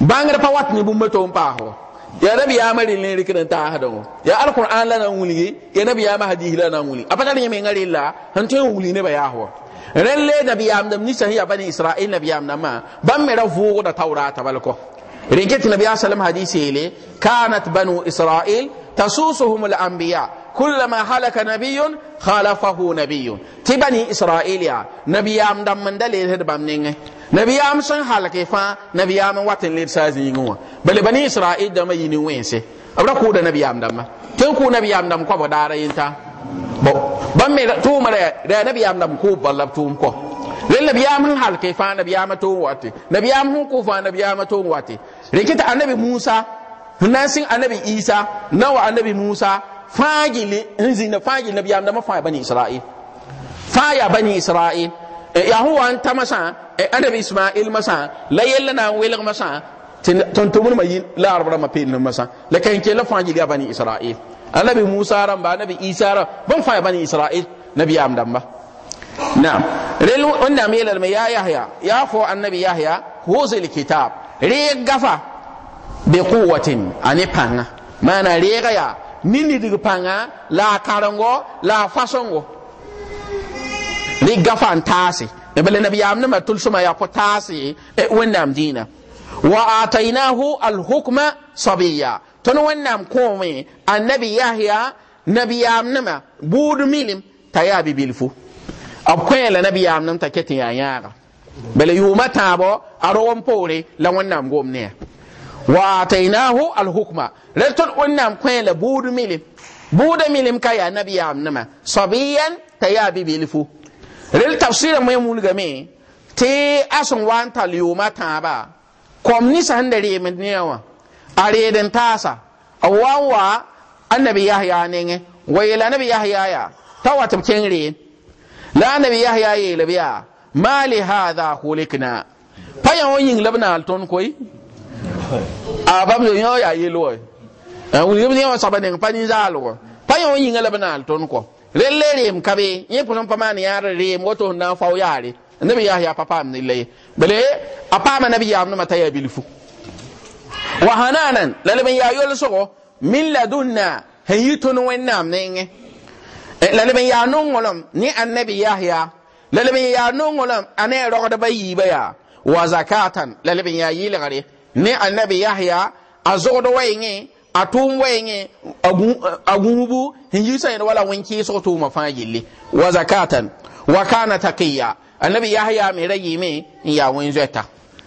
bangada pa wat ni bumma mato pa ho ya nabi ya mari ne rikin ta hadan ya alqur'an lana unu ya nabi ya ma hadihi lana unu apata ne me ngari la han to unu ne ba ya ho relle nabi ya amdan ni sahiya bani isra'il nabi ya amdan ma ban me rafu da taurata balko rinketin nabi ya sallam hadisi ile kanat banu isra'il تسوسهم الأنبياء كلما هلك نبي خالفه نبي تبني إسرائيل يا نبي أم دم من دليل هدبام نينه نبي أم سن هلك فا نبي أم واتن لير سازينغوا بل بني إسرائيل دم ينوينسي أبدا كود نبي أم دم تن كود نبي أم دم كوب بدارا ينتا بام مي توم لا نبي أم دم كوب بلب توم كو لأن نبي أم هلك فا نبي أم توم واتي نبي أم هو كوفا نبي أم توم واتي ركيت النبي موسى na sin annabi isa na wa annabi musa fagili hin zin da fagili nabi amma ma fa bani isra'il fa ya bani isra'il ya huwa an ta masa annabi isma'il masa la yalla na wel masa ton to mai la arbara ma pin masa la kan ke la ya bani isra'il annabi musa ran ba annabi isa ran ban fa bani isra'il nabi amma ba na'am rel wannan mai lalma ya yahya ya fo annabi yahya huwa zil kitab re gafa be kuwatin ani panga mana rega ya nini dig panga la karango la fasongo riga fantasi ne bele nabi amna matul suma ya potasi e wannam dina wa atainahu al-hukma sabiyya ton wannam komi annabi yahya nabi amna budu milim tayabi bilfu akwela nabi amna ta ketin ya bele yuma tabo arawon pore la wannam gomne wa atainahu alhukma ratul unnam kõe la buud milim buuda milim kaya yaa nabiyaam nima sabiyan t'a bibilfu rel tafsirã me wilgame tɩ a sẽn wa n ba. yooma tãaba da reemd neã wã a reed n taasa a yahya nengẽ wa yeela nabi yahya yaa t'a wa tɩ b kẽng la nabi yahya yeelb yaa Mali lihada kʋlkna pa yã wã yĩng a ah, bam de yo ya ah, yelo e wa wuli ni ah, wa sabane pa ni za wa pa yo yin la bana ton ko re m kabe ye punan pa man ya re rem wato na fa o ya re ne bi ya ya papa ni le bele apa ma nabi ya amna mata ya bilfu wa hananan lalban ya yolo ko min ladunna he no wen nam ne nge nenge lalban ya no nongolom ni annabi yahya lalban ya no nongolom ane ro ko da bayi ba ya wa zakatan lalban ya gare ne annabi yahya a da wayenge a tʋʋm wɛɛngẽ a gũubu sẽn yi yẽd wala wẽn kɩɩsg tʋʋmã fãa gilli wa zakatan wa kana taqiya annabi yahya me rayi me ya yaa wẽn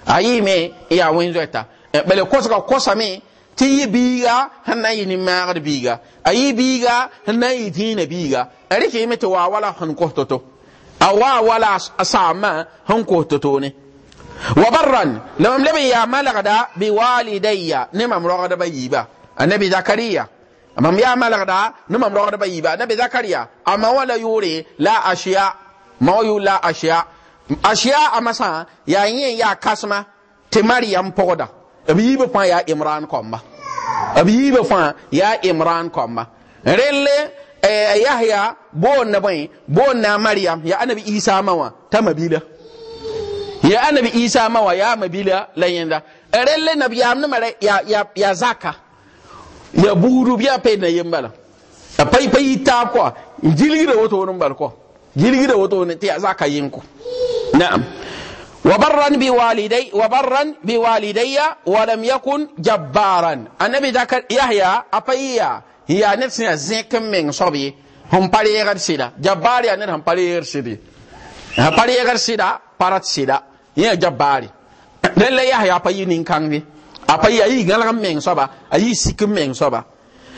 ayi a ya n yaa e, bale zoɛta bala kosga kosame tɩ yɩ biiga yi ni n yɩ nin-maagd biiga a yɩ biiga sẽn na n yɩ a wala sẽn to a waa wala asama saamã to wa barran la mam lebe ya malagda bi walidayya ne mam rogda ba yiba annabi zakariya mam ya malagda ne mam rogda ba yiba annabi zakariya amma wala yuri la ashiya ma yu la ashiya ashiya amasa ya yin ya kasma ti maryam pogoda abi yiba fa ya imran komba abi yiba fa ya imran komba relle eh, yahya bon na bai bon na maryam ya annabi isa mawa ta mabila ya anabi isa mawa ya mabila la yenda relle nabi ya amna mare ya ya ya zaka ya buru biya pe na yin bala. a pai pai ta ko jilgira wato wonum barko ko da wato ne ta zaka ku na'am wa barran bi walidai wa barran bi walidayya wa lam yakun jabbaran annabi zakar yahya apaiya ya ne ya zekem min sobi hon pare yagar sida jabbar ya ne hon pare yagar sida ha pare yagar sida parat sida ya jabbaare den la yahya pa yi nin a apa yi ayi galam men a ayi sik men soba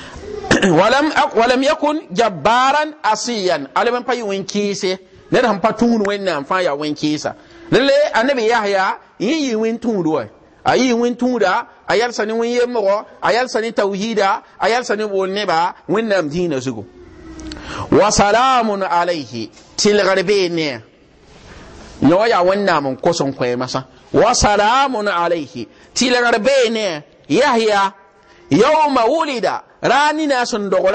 walam walam yakun jabbaran asiyan alaman pa yi wen kise ne da pa tun wen nan fa ya a kisa lalle annabi yahya yi yi wen tun ruwa e. ayi wen tun da ayal sani wen yemmo ayal sani tauhida ayal sani ne neba wen nam dina zugo wa salamun alayhi til garbe ne ne wa ya wẽnnaam n kos n kõe masã wa salamun alaihi tilar ilgr yahya yawma wulida rani na sun dog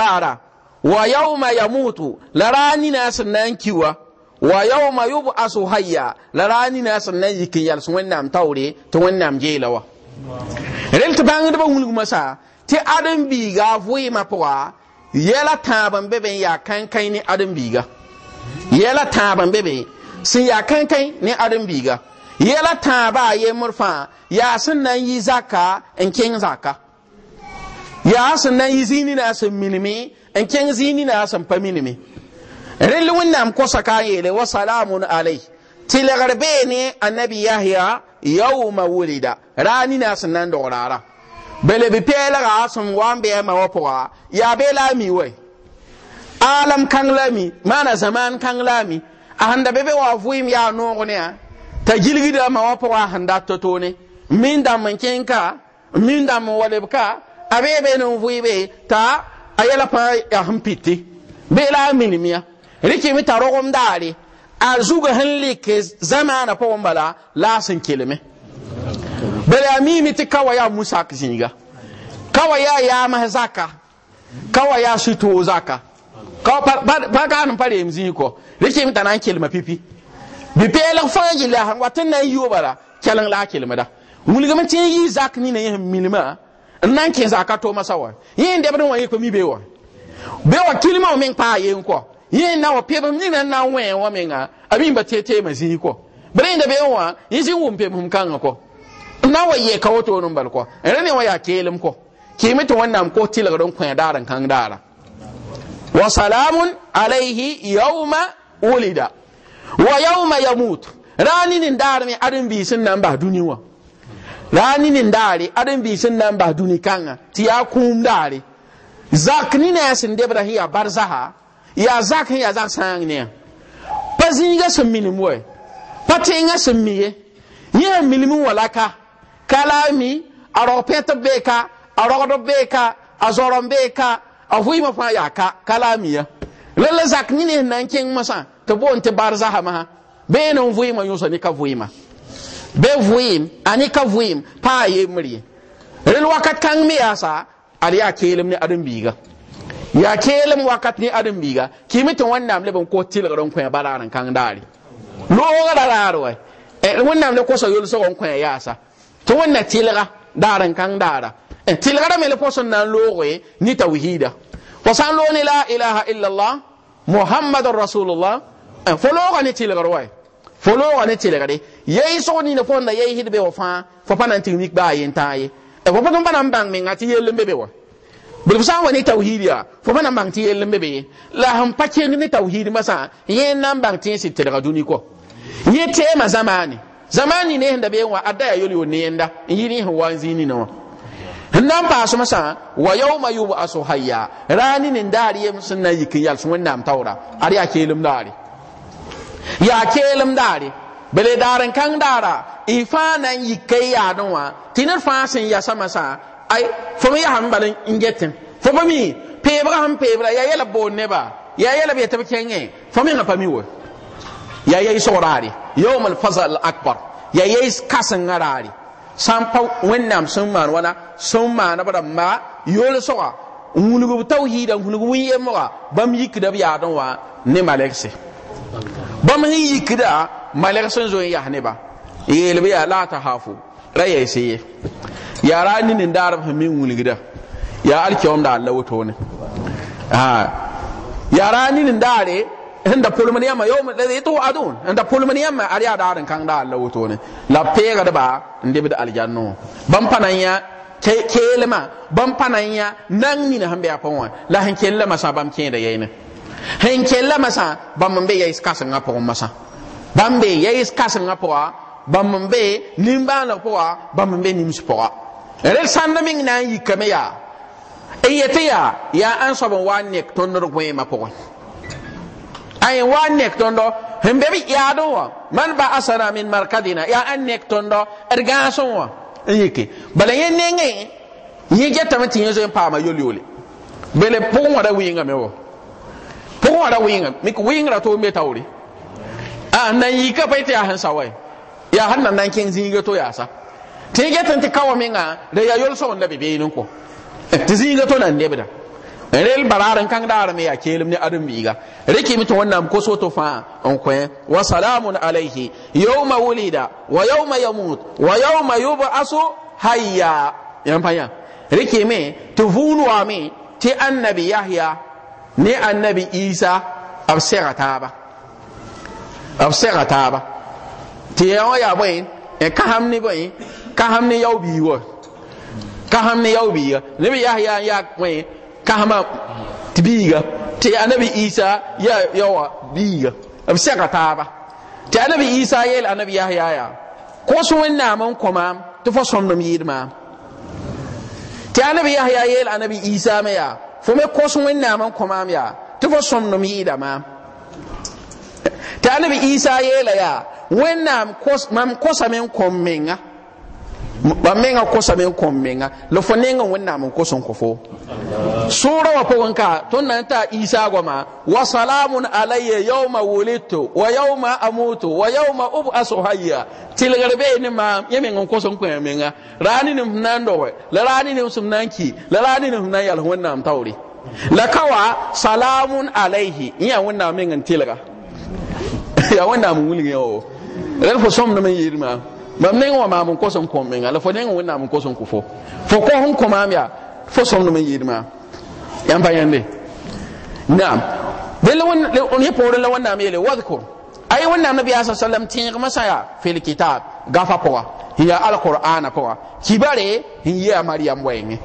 wa yawma yamutu la rani na sun nan kiwa wa yauma yub'asu hayya la rani na sun nan yikin yal sun taoore tɩ wẽnnaam geela wa rel tɩ bãngdbã wilg masã tɩ ãdem-biiga a vɩɩmã pʋga yɛla tãab n be be n ya kãn-kãe ne ãdem-biiga yɛla be Sun ya kẽn-kẽ ne ãdem-biiga yɛla tãabã a yi murfa ya sun nan yi zaka in kẽng zaka ya sun nan yi zini na sun sẽn minime n kẽng zĩig na sẽn pa minime rẽl wẽnnaam kosa ka n yeele wa salaamun alai. tɩlgr bee ne annabi yahya yau wulida wuri da. Rani na n dog raara bele bi pela ga wa wambe bɛɛmã wã ya bela la mi wai? Alam kan la a mi maana zamaan la mi a sẽn da be be wa vɩɩm yaa noog ne a t'a gilgda ma wã pʋgã sẽn dat to-toone min dãmb n kẽnka min dãmb n wa lebka a bee be n vɩɩbe t'a a yɛla pãã yaa sẽn piti beela a minim ya rɩkɩme t'a rogem daare a zug sẽn zama na pʋgẽ bala la sẽn kelme bala yaa miime tɩ ka ya Musa musak zĩiga ya wa yaa yaamsɛ zaka ka wa yaa zaka ka pa ganem pa reem zĩigɔ rɩkɩm t'a na kelma pipi bi fãa fanga sẽn wa tɩ n na n yooba la kɛleng la a kelmda wilgame tɩ n yɩ zak nina yẽsm milmã n na n kẽ zaka tʋʋma sa wa yẽ debd n wa yɩk mi bee wa bee wa kilma wa meŋ paa yen kɔ na wa pɩbm nina n na n wẽ wã meŋa a mi n ba tee-teemã zĩig kɔ bɩ rẽnda bee wã yẽ sẽn wʋm pemsm kãngã kɔ n na n wa yɛka wotoor n bal kɔ ne wã yaa keelem kɔ kɩɩme tɩ wẽnnaam ko tɩlgd n kõ daara n kãng daara wa salamun alaihi yawma wulida wa yawma yamut rani nin dar mi adin bi nan ba duni wa rani nin adin bi nan ba duni kanga ti ya kum dare zak ni ne sin ya bar barzaha ya zak ya zak san ne pa zinga sin min moy pa tinga sin miye ye milimu walaka kalami aro peta beka aro do beka azoron beka a vɩɩmã fãa yaa ka ka la a zak ni ne na n masa masã tɩ boon tɩ ha zasa masã bee ne n vɩɩmã yõsa ne ka ma. be vui a ne ka vɩɩm pa ye yembr ye wakat kãng mi asa ad ya keelem ne ãdem Ya yaa keelem wakat ne ãdem-biiga kimi tɩ wẽnnaam leb n kos tɩlgr n kõ balaar kan kãng daare loogra raar wa wẽnnaam le kosa yolsg n kõ ya tɩ wẽnna tɩlga tilga n kan dara Eh, tilgara mele fo sẽn na n looge ni tawhida fo sã n loo ne la ilaha illallah rasulullah eh, fo looga ne tilgr wa fo looga ne tilgre yeɩsg nina fo da yeɩsd be wa fãa fo pa na n tɩg mik baa yentãa ye fo pa tõn pa na n bãng menga tɩ yell n be be wa bɩd fo sã n wa ne tawhid yaa fo pa na n bãng tɩ yell n be be ye la sẽn pa kẽng ne tawhid masã yẽn na n bãng tɩ yẽ sɩd tɩlga dũni kɔ yẽ teema zamaane zamaani ne sẽn da bee wã a yaa yol yo neenda n yɩ ne sẽn wa n zĩig nina wã n na n paasem yi wa yauma yub'asu hayya raani nin daar yem sẽn na n yik n yals wẽnnaam taoora ad yaa keelem daare yaa keelem daare bele daar n kãng daara y fãa na n yik n yaadẽ wã tɩ ned fãa sẽn yasame sã ay fo m yasam n bal n ya fo pa mi peebga sẽn peebra yaa yɛla boon neba yaa yɛla b yetɩ b kẽngẽ fo me sã pa mi we yaa yeis sograare yauma alfazal akbar yaa yeis kãsengã raare sãn pa wẽnnaam sẽn maan wãna sẽn maanb rãmba yoolsga n wilg b tawhiidã n wilg wẽn-yembga bãmb yikda b yaad n wã ne malgse bãmb sẽn yikda malgs n zo n yas neba yeel b yaa la a tahafo ra yɛɛse ye yaa ra a nindaarb sẽn me n wilgda yaa alkɛoomda alla wotone yaa ra a nindaare sẽnda pʋlmd yãmba yom la yetɩ wa'adun sẽnda pʋlmd yãmba ad da alla wotone la b ba, n lebd aljanna wã bãmb pa na n yã keelmã bãmb pa na n yã nang a pa la sẽn kell lame sã bãmb kẽeda yɛɩne sẽn kell lame sã be yɛɩs kãsengã pʋgẽ masã be yɛɩs kãsengã pʋga be nimbãaneg pʋga bãmb n be nims pʋga rel sanda meng na yi kame yaa n e yetɩ wa n nek tõnd ay wa nek tondo Himbe bi yaado wa man ba asana min markadina ya an nek tondo ergason wa yike bala yen nenge yi jeta mati yeso en pama yoli yoli bele pon wada winga mewo pon wada winga mi ko winga to me tawri a nan yi ka paita ya hansa wai ya hannan nan kin zinga to ya sa te jeta nti kawo minga da ya yolso on da bebe yin ko ti zinga to nan debda rel bararan kan da arme ya ke ne adam biga rike mito wannan ko so to fa an ko wa salamun alaihi yawma wulida wa yawma yamut wa yawma yub'asu hayya yan fanya rike me to vunu wa me ti annabi yahya ne annabi isa ab segataba ab segataba ti yawa ya boy e ka hamni boy ka hamni yawbi wo ka ni yawbi ne bi yahya ya boyin Kahama tɩ biiga tɩ anabi isa ya yawa biiga b sɛga taaba tɩ anabi isa yɛl anabi yahya ya ko wẽnnaam n kõ maam tɩ fo sõmdem yɩɩd maam tɩ anabi yahya yɛl anabi isa me yaa fo me kõs wẽnnaam n kõ maam yaa tɩ fo sõmdem yɩɩda maam tɩ anabi isa yɛɛla yaa wẽnnaam mam kõsame n kõm menga ba menga kosa men kom menga lo fo nenga wonna mun koson ko fo sura wa pon ka ton nan ta isa goma wa salamun alayya yawma wulidtu wa yawma amutu wa yawma ub'asu hayya tilgarbe ni ma yemen ngon koson ko menga rani ni nan do la rani ni sum nan ki la rani ni nan yal wonna am tawri la kawa salamun alayhi ya wonna men ngan tilga ya wonna mun wulin yo ran fo som na men yirma bam ne wa maam ko son ko menga la fo ne wa naam ko son ko fo fo ko hon ko maam ya fo son no yid ma yam yan yande naam de la won on ye pore la na naam yele wadhkur ay won naam nabi sallallahu alaihi wasallam tin ma saya fil kitab gafa ko wa hiya alquran ko wa kibare hiya maryam wayne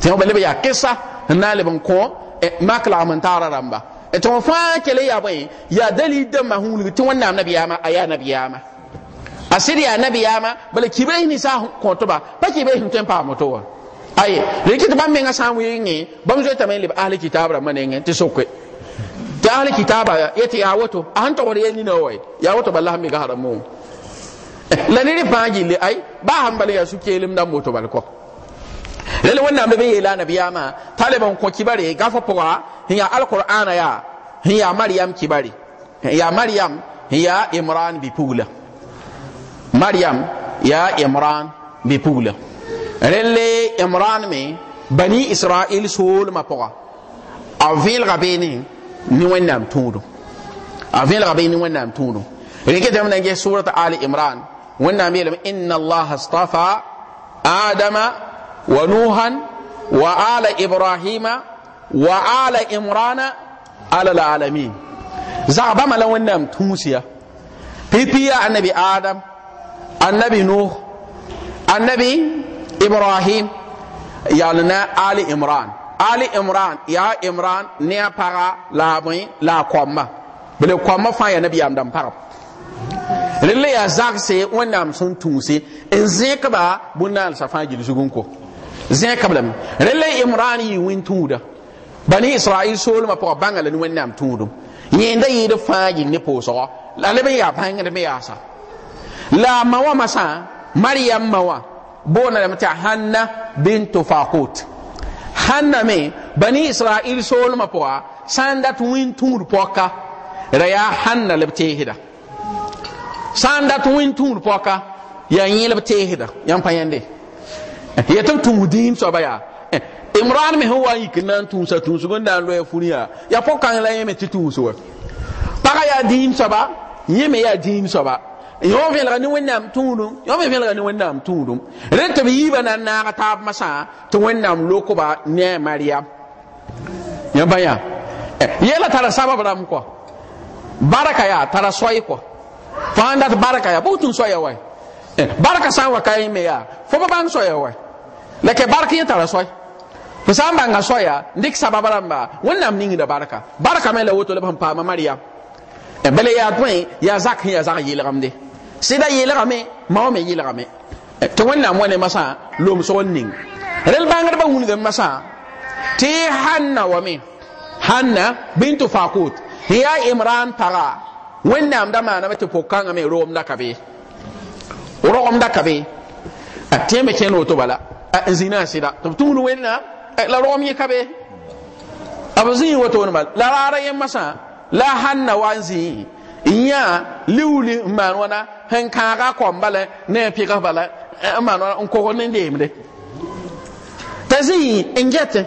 tin ba le ya kissa na le ban ko makla ta tara ramba to fa kele ya bai ya dali da mahulu tin won naam nabi ya ma aya nabi ya ma asiri ya nabi yama bala kibe ni sa ko ba pa kibe hin tem pa moto wa ay rikit ban me ngasa mu yingi bam zo tamay li ahli kitab ra manen ti sokwe ta ahli kitab yati ya wato an to wori ni no wai ya wato bala mi ga haramu eh, la ni pa gille ai ba han bala ya su kelim dan moto bal ko lele wannan da bai yi nabi biya ma taliban ko kibare gafa fuwa hiya alqur'ana ya hiya maryam kibari ya maryam hiya imran bi pula maryam ya imran bi pugla relle imran me bani israil sol ma poga a vil rabeni ni wannam tudu a vil rabeni wannam tudu rike dam na ge surat ali imran wannam yelam inna allah astafa adama wa nuhan wa ala ibrahima wa ala imrana ala alalamin zaba mala wannam tunsiya pipiya annabi adam annabi nuh annabi ibrahim yalna ali imran ali imran ya imran ne para la bin la a bele kɔmba fa ya nabiyaam dãmb pagb rẽla yaa zagse wẽnnaam sẽn tũuse n zẽkba bũn-naalsã fãa safa zugu sugun ko ka lame rẽla imran yi win tuda bani israɩl soolmã pʋgã bãnga la ne wẽnnaam tũudum yẽenda yɩɩd fãa gil ne pʋʋsgɔ la leb n yaa bãngd me sa la mawa masa masã maryam ma wa boona hanna bintu faqut hanna me bani israil Sol pʋga sã n tumur poka raya hanna lebte hida Sanda n tumur poka, ya yin lebte hida yan teesda ya tum tumudin so baya eh, imran me huwa wa tum sa tum na gonda tũusa tũusg ya? pokan la yẽ me tɩ tũus wa pagã yaa dĩin soaba yẽ me yaa dĩin yõ vẽlga ne wẽnnaam tũudum yõ me vẽlga ne wẽnnaam tũudum rẽ tɩ b yiibã na n naag taab masã tɩ wẽnnaam lokba ne a mariyam yã bãyã yɛla tara sabab rãmb kɔ barka yaa tara soy kɔ fa n dat barka yaa bʋg tũn soya wa barka sã wa ka me yaa fo ba bãng soya wa la kɛ bark yẽ tara soy fo sã n bãnga soya n dɩk sabab rãmba wẽnnaam ningda barka barka me la woto la b sẽn paama mariyam bala yaa tõe yaa zak sẽn yaa zag yɩlgemde Sida yɩlgame mao me yɩlgame eh, tɩ wẽnnaam wa ne masã lomsg n ning rel bãngdbã wingame masã tɩ y hanna wame hanna bintu fakut n yaa imran paga wẽnnaam da maaname tɩ pʋg-kãngã me roomda ka be rogmda ka be tɩ yẽ me kẽn woto bala n eh, zĩnã n sɩda tɩ b tũud wẽnnaam eh, la rogm yɩka be b zĩig woto wẽn bala la raara yẽ masã la hanna wa n zĩig n yã liuli n maan wãna sẽn kãaga kom bala eh, ne a pɩgs bala n maan n kogd ne leemde t'a zĩ n gɛtẽ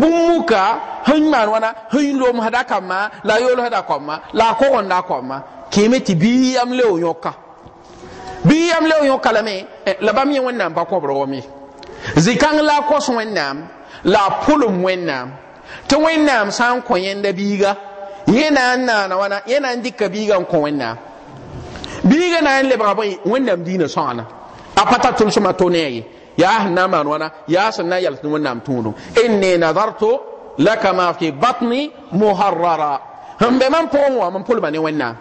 bũmb muka sẽn maan wãna sẽn lomsda kambã la a yoolsda kɔmbã la a kogenda a kɔmbã kɩɩme tɩ bii yam leo yõka bii yam leo yõka lame eh, la bãmb yẽ wẽnnaam pa kõbrgem ye zĩ-kãng la a kos wẽnnaam la a pʋlem wẽnnaam tɩ wẽnnaam sã n kõ yẽnda biiga yẽ na n naana wãna yẽ na n dɩka biiga n kõ wẽnnaam biiga na n lebga bõe wẽnnaam diinã sõana a pa tar tʋlsmã to a yaa sẽn na n maan wãna yaa sẽn na n yals tɩ wẽnnaam tũudum inni nadartu laka ma fi batni muharrara n be mam pʋgẽ wã mam pʋlma ne wẽnnaam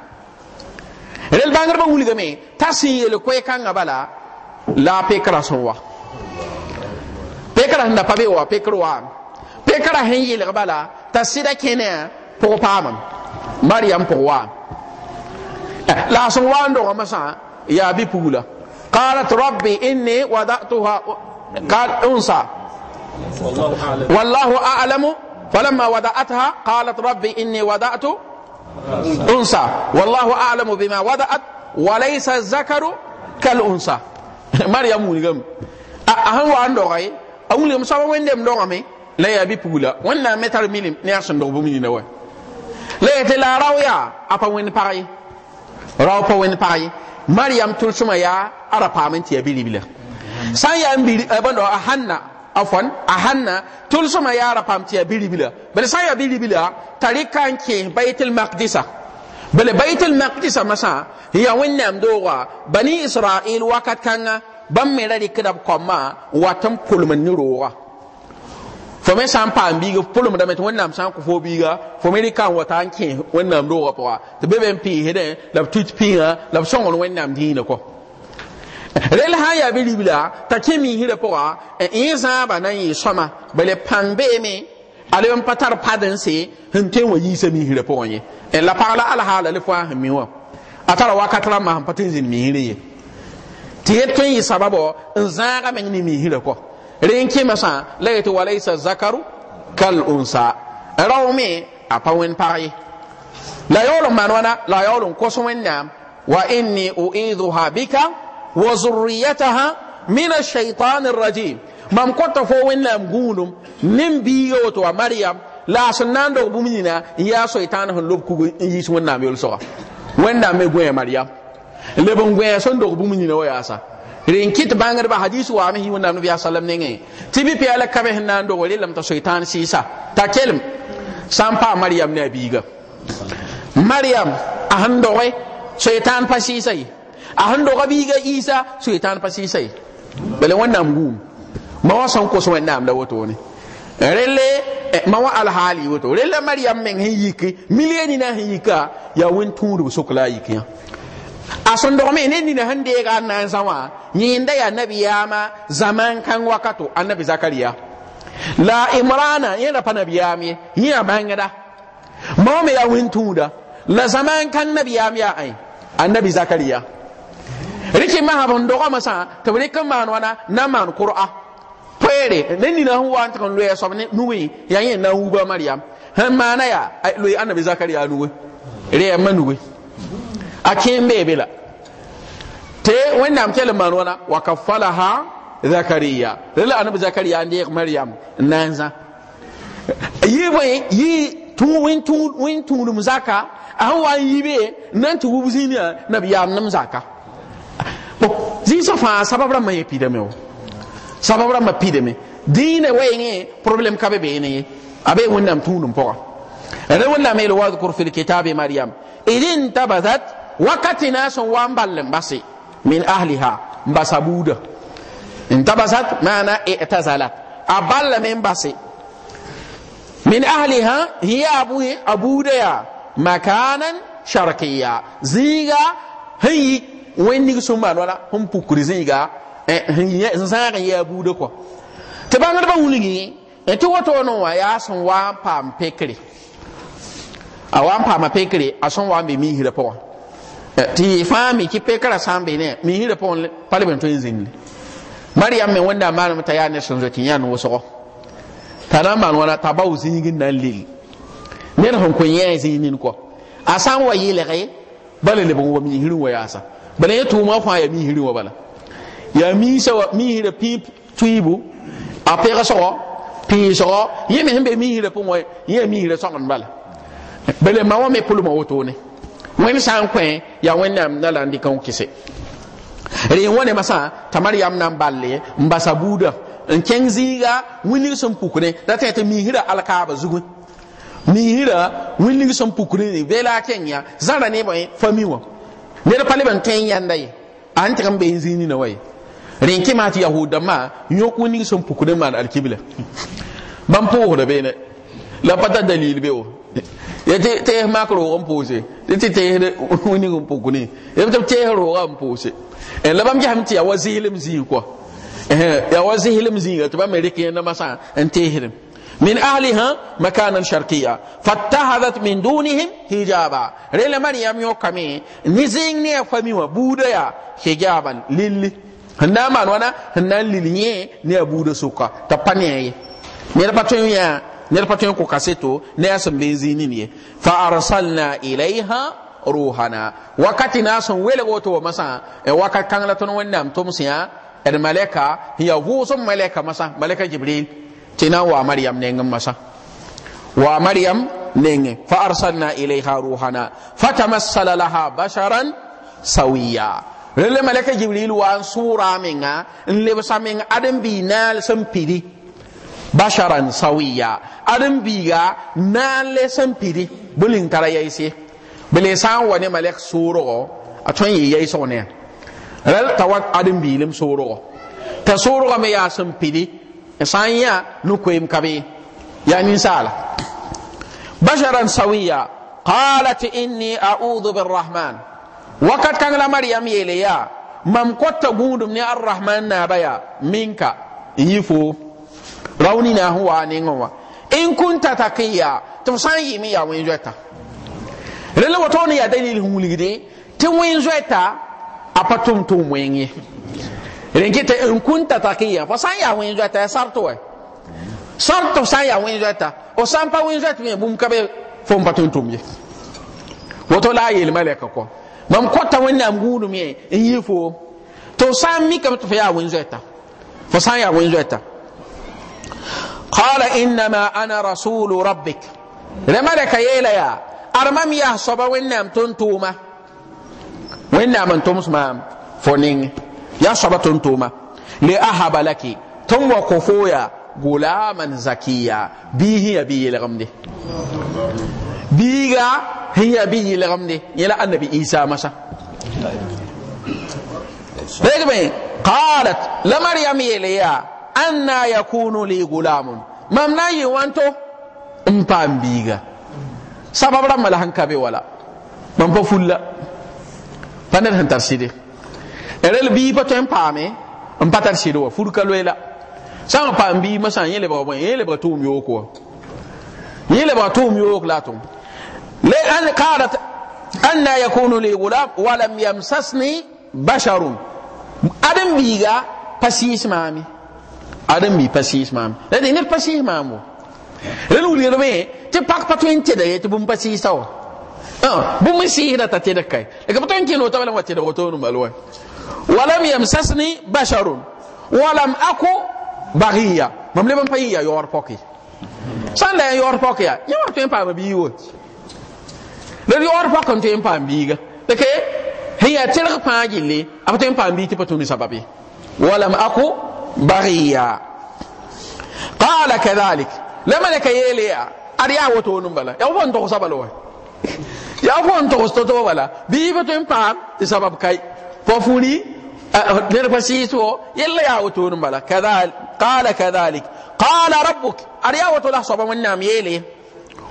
rel bãngrbã wilgame t'a sẽn yel koɛ-kãngã bala la a pekra sẽn wa pekra sẽn da pa be wa pekr waam pekra sẽn yelg bala t'a sɩda kẽnẽ pʋg paamam mariam pʋg waam لا سوان دو ndo ma sa ya bi pula qalat rabbi قال انثى والله اعلم فلما وضعتها قالت ربي اني وضعت انثى والله اعلم بما وضعت وليس الذكر كالانثى مريم ونغم اهو اندوغاي اولم سبا وندم دوغامي لا يا بي بولا وانا متر ميلم نياسن دوغ بومي نوا لا يتلا راويا ابا وين باي rao pa wen yi. maryam tulsuma ya ara pamin tiya bilibila san ya mbiri a hanna, afon ahanna tulsuma ya ara pam tiya bilibila san ya bilibila tarikan ke baitul maqdisa bal baitul maqdisa masa ya wannam dowa bani israil wakat kanga bam me radi kidab komma watan pulman ni rowa fo me sã n paam biiga pʋlem dame tɩ wẽnnaam sã n kʋ foo biiga fo me rɩka n wa t'a n kẽ wẽnnaam roogã pʋga tɩ be be n piisdẽ la b tut pĩigã la b sõngd wẽnnaam dĩinã kɔ rel sã n yaa be ribla t'a kẽ miisrã pʋga yẽ zãaba na n yɩɩ sõma bale pãng beeme a leb n pa tar padẽnse sẽn tõe n wa yiisa miisrã pʋgẽ ye la pag alhaala le fãa sẽn mi wã a tara wakat rãmbã sẽn pa tõe n zĩnd miisrã ye tɩ yẽ tõe n yɩ sababɔ n zãaga meng ne miisrã kɔ uh, rinki masa la yetɩ walaysa zakaru kal unsa raumi me pari. pa la yolo manwana la yolo kosu wenna wa inni uiduha bika wa zurriyataha min ash-shaytanir rajim mam kota fo wenna gũudum nim biyo to wa mariyam la sunando sẽn ya shaytan dog bũmb nina n yaa soɩtãan sẽn lob kug n yiis wẽnnaam yol me gõe maryam lebon n sondo sẽn wa yasa rin kit bangar ba hadisu wa mi wanda nabi sallam ne ti pe ala kabe lam ta sisa sampa maryam ne biga maryam ahando we sisa ahando ga biga isa shaitan pa sisa bale wannan ma wasan ko so wannan da wato ne rele eh, ma wa wato rele maryam men na ya sokla a sun dɔgɔ mɛ ne nina sẽn deega n na n zã ya nabi ya ma zaman kan wakato a nabi zakariya la imrana yẽda pa nabiyaam ye yẽ yaa bãngda ma me ya wẽn da, la zaman kan nabi ya mi a nabi zakariya riki ma bõn dɔgɔ sã san, ta rɩk kan maan wãna na n qur'a pere pɛɛre ne nina sẽn wa n tɩg n loɛɛ ya yin yaa yẽ na n wuba mariyam sẽn maana yaa loe a nabi zakariya re ya manuwi a kẽen beebe la tɩ zakariya zaka a yi be nan zaka ka be a bee wẽnnaam tũudum pʋga rẽ wẽnnaam yeel wadkur fi idin wakati na sun wa ballin basi, min ahliha basa buda n ta mana maana itazalat a ballame min basi, min ahliha hi eh, yaa bõe a makanan sharkiya zĩiga hayi, wani wẽn nig sẽn wala sẽn pukr zĩiga ya sãag n yaa buuda kɔ tɩ bãngdbã wilgi tɩ wotoon n wã yaa wa n paam pekre a wa n paama a sẽn wa n mi hira pʋgẽ ti fami ki pe kara sambe ne mi hira pon pale ben to yin maryam me wanda malam ta ya ne sun zo kin ya no so ta na man wala ta bawu zin gin nan lil ne hon e kun ya zin nin ko asan wa yi lege bale le bon wa mi hirin wa yasa bale ya tu ma fa ya mi hirin wa bala ya mi sa mi hira pip tuibu a pe ga so pi so yi me hembe mi hira pon wa yi mi hira so bala bale ma wa me pulu ma woto ne wẽnd sã n kõ ya wẽnnaam na la n dɩka n kɩse rẽ wã ne masã t'a mariyam na n balle n basa buuda n kẽng zɩɩga wĩnlig sẽn pukne da tẽ tɩ miisrã alkaaba zugẽ miisrã wĩnlig sẽn pukne ne vɛɛla a kẽng ya zãra ne bõe fa mi wã ned pa leb n tõe n yãnda ye a n tɩg n be n zĩig nina wa ye rẽ kẽ maa tɩ yahud dãmbã yõk wĩnlig sẽn pukd n maan alkibla bãmb pʋʋsda beene la pa ta dalil be o ya tɩ tɩ maak roog n pʋʋse tɩ tɩ teesd wing n pʋk ne b tɩ b teesd fooga n pʋʋse la bãmb gesame tɩ ya wa zɩslem zĩig kɔ ya wa zɩslem zĩiga tɩ bãmb rɩk yẽnda masã n teesdem من أهلها مكانا شرقيا فاتخذت من دونهم حجابا ريل مريم يوكمي نزين نيا فمي وبودا يا حجابا للي هندا مان وانا هندا للي نيا بودا سوكا تبانيه نيرا باتون يا ner pa tõe n kʋka seto ne a sẽn be n zĩig nin ye fa arsalna ilayha ruhana wakati na sẽn welg woto wa masã wakat kãng la tõnd wẽnnaam tʋm sẽn yaa d malɛka sẽn yaa vʋʋsem malɛka masã malɛka jibril tɩ na n waa mariyam neng n masã waa mariyam nenge fa arsalna ilayha ruhana fatamassala laha basharan sawiya rẽle malɛka jibril wa n sʋʋra menga n lebsa meng ad n bɩ naal sẽn pidi basharan sawiya adam biga nan le san pidi bulin tara yaise bele san wani malek suro a ton yi yaise ne ral tawat adam bilim suro ta suro me ya san pidi san ya nu kabe ya ni sala basharan sawiya qalat inni a'udhu birrahman wakat kan la maryam yeleya mam kotta gundum ni arrahman na baya minka yifo rauni na hu wa ne ngwa in kunta taqiya to san yi mi ya wen jota rela wato ne ya dalil hu ligde tin wen jota apatum tum wen ye renkete in kunta taqiya fa san ya wen jota ya sarto wa sarto san ya wen jota o san pa wen jota mi bum kabe fo patum tum ye wato la yel malaka ko mam kota wannan gudu me in yi fo to san mi kam to fa ya wen jota fa san ya wen jota قال إنما أنا رسول ربك لما لك يلا يا أرمم يا صبا نام تنتوما نام أنتم اسمام فنين يا صبا تنتوما لأهب لك تم وقفويا غلاما زكيا بيه يا بيه لغمدي بيغا هي بيه لغمدي يلا النبي عيسى مسا قالت لمريم يا anna yakunu li gulamun mam na yi wanto in um pam biga sabab ram la hankabe wala mam pa fulla panar hantar sidi erel bi um pa to pa me in patar sidi wa furka loela san pam bi ma san yele ba bon yele ba tum yo ko yele ba tum yo ko latum le an qalat anna yakunu li gulam wa lam yamsasni basharun adam biga pasis mami ada mi pasis mam la de ne pasis mam wo la lu le me te pak pa to inte da yete bum pasis taw ah bum pasis da ta te da kai daga pa to inte no tabala wate da wato no malwa walam yamsasni basharun walam aku baghiya mam le bam pa yor poki san da yor poki ya ya ma to en pa ba biwo da yor poki to en pa ga, da kai hiya tirga pa gille a pa en pa bi ti pa to sababi walam aku بغيا قال كذلك لما لك يليا أريا وتونم بلا يا فون تغصب لوه يا فون تغصتو بلا بيبتو إمبام لسبب كاي ففولي نير فسيسو يلا يا وتونم بلا كذلك قال كذلك قال ربك أريا وتلا صبا من نام يلي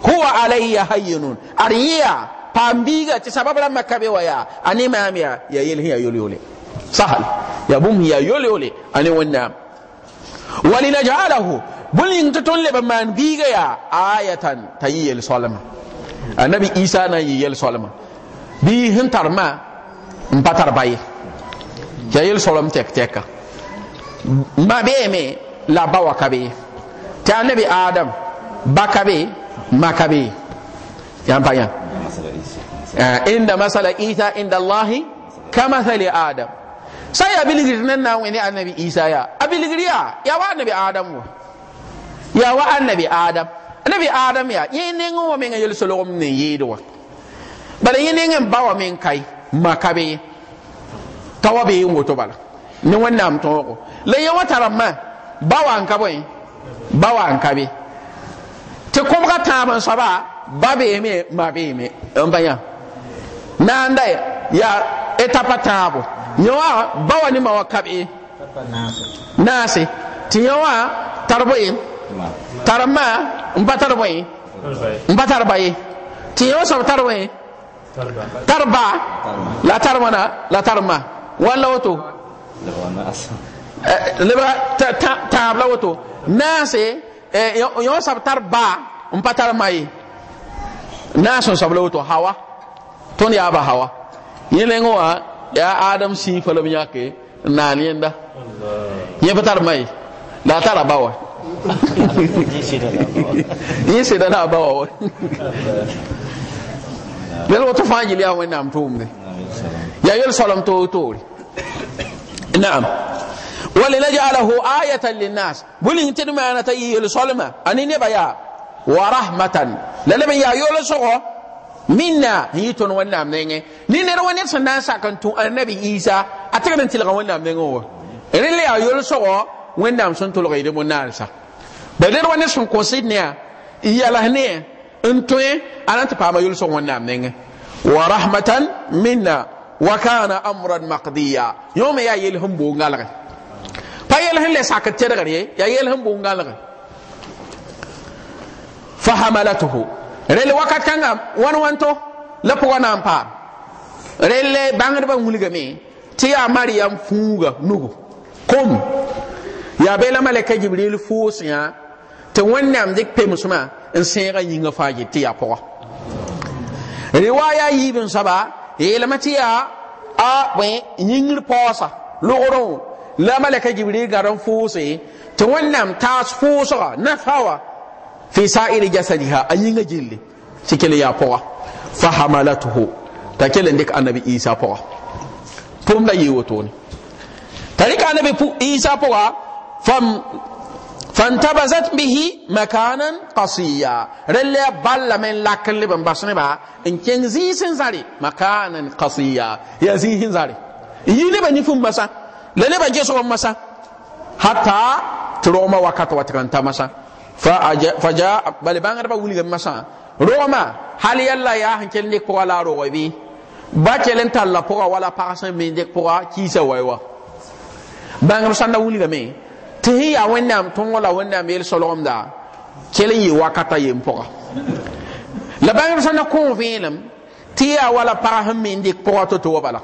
هو علي هين أريا بامبيغا تسبب لما كبي ويا أني ماميا يا يلي هي يولي يولي sahal ya bum ya yole yole ani wanda wali naj'alahu bulin tutun le man biga ya ayatan tayyil salama annabi isa na yiyel salama bi hintarma mpatar baye ya yel salam tek teka ma be me la bawa kabe ta annabi adam ba kabe ma kabe ya paya inda masala isa inda allahi kamathali adam sa ya biligir nan na wani annabi isa ya a biligiriya ya wa annabi adam wa ya wa annabi adam annabi adam ya yi ne wa min yel solo min ne yi do bala yi ne ba wa min kai makabe tawabe yi woto bala ni wannan to ko la wata ramma ba wa an kabo ba wa an kabe te ko ka taban saba ba be me ma be me on baya nan da ya etapa taabo nyawa bawa ni mawa kabe nase ti nyawa tarboye tarma mbatarboye mbatarboye ti nyawa sab tarboye tarba la tarmana la tarma wala woto eh, leba tabla woto nase eh, nyawa sab tarba mbatarmaye nase sab woto hawa ton ya ba hawa yẽlenga wã yaa adam sĩig pa la b yãke n naan yẽnda yẽ pa tar may la a tara ba wa yẽ sɩda la a ba wa um wa rel woto fãa yel yaa wẽnnaam tʋʋmde yaa yel-soalem toor toore naam ولنجعله آية للناس بلين تدمعنا تيهي لصلمة أني نبا يا ورحمة لنبا يا يولسوه minna yi ton wannan nenge ni ne wani sun dan sakan tun annabi isa a tagarin tilga wannan nenge wa rille a yol so wannan sun tulga idan mun nan sa ba da wani sun kosid ne iyala ne in toye anan ta fama yol so wannan nenge wa rahmatan minna wa kana amran maqdiya yoma ya yel hum bo ngalaga pa yel hin le sakat tere ya yel hum bo ngalaga fahamalatuhu rel wakat kanga wan wanto la pʋgã na n paam rel bãngdbã wilgame tɩ ya mariyam fuga nugu kom yaa bee la malɛka jibril fʋʋs yã tɩ wẽnnaam dɩk pemsmã n sẽega yĩngã fãa yɩ tɩ yaa pʋga riwaya yiib n ya yeelame mati ya a we yingir paoosa logrẽ la malɛka jibril gar n fʋʋse nam tas fusa fʋʋsga nafa في سائر جسدها أي نجيل تكل يا بوا فحملته تكل عندك النبي عيسى بوا فم لا يوتون تلك النبي عيسى بوا فم فانتبزت به مكانا قصيا رلا بل من لكن لبن بسنبا ان كان زي سنزاري مكانا قصيا يا زي هنزاري يلي بني فم مسا للي بجيس ومسا حتى تروما وكات وترانتا مسا faja bale bãngd pa wilgame masã rogmã hal yɛlla yaa sẽn kell ko wala la a rogɛ bɩ ba kell n talla pʋga wala pag sẽn me nek pʋga kiisa wɛ wa bãngd sãn la wilgame tɩ sẽn yaa wẽnnaam tõog la wẽnnaam yel-solgemda kell n yɩ wakata yem pʋga la bãngd sãn na ko vẽelem tɩ yaa wala pag min me nek pʋga to-to wala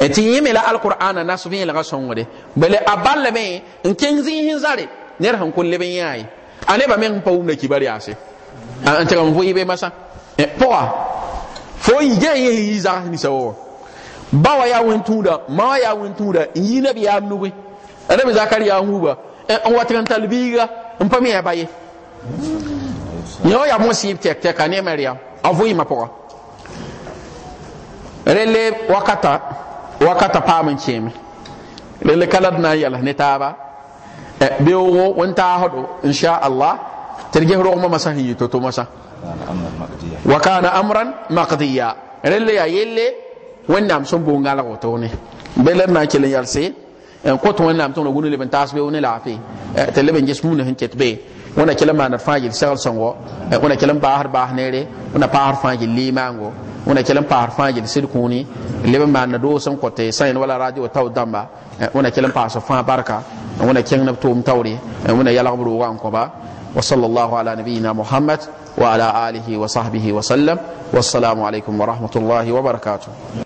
e ti yi me la alkurana nas vẽelgã songode bale a me n kẽng hin zare ner han kʋn leb n a nebã meng pa ase? An yaase n tɩg m vɩɩbe masã e, pʋga fo yi gẽ yẽs yi zags ninsã wa ba wa yaa wẽn ma wa yaa wẽn-tũuda n yɩ nabiyaam A nabi zakariya n wuba n wa tɩg n tall biiga n pa me a ba ye yẽ wa yaa mõsɩɩb tɛk-tɛka ne mariam a vɩɩmã pʋga relle wakata wakata paam n kẽeme relle kala d na n yɛls ne taaba Eh, beoogo wẽntaasdo insha allah tɩ d ges rogmã masã to-to masa. wa kana amran makdiya rẽl yaa yelle wẽnnaam sẽn na n yalse n kõt wẽnnaam tɩ wẽna gũnu leb n wẽnna kell n maanda d fãa yel segl-sõngo wẽnna kell n baasd baas neere wẽnna paasd fãa yel liimãango wẽnna kell n paasd fãa yel sɩd-kũuni leb n maanda doos n kõt sãn wala radio tao dãmba wẽnna kell n paasd fãa barka wẽnna kẽngd b tʋʋm taoore wẽnna yalg b roogã n kõba وصلى الله على نبينا محمد wa آله وصحبه وسلم alaykum wa rahmatullahi wa وبركاته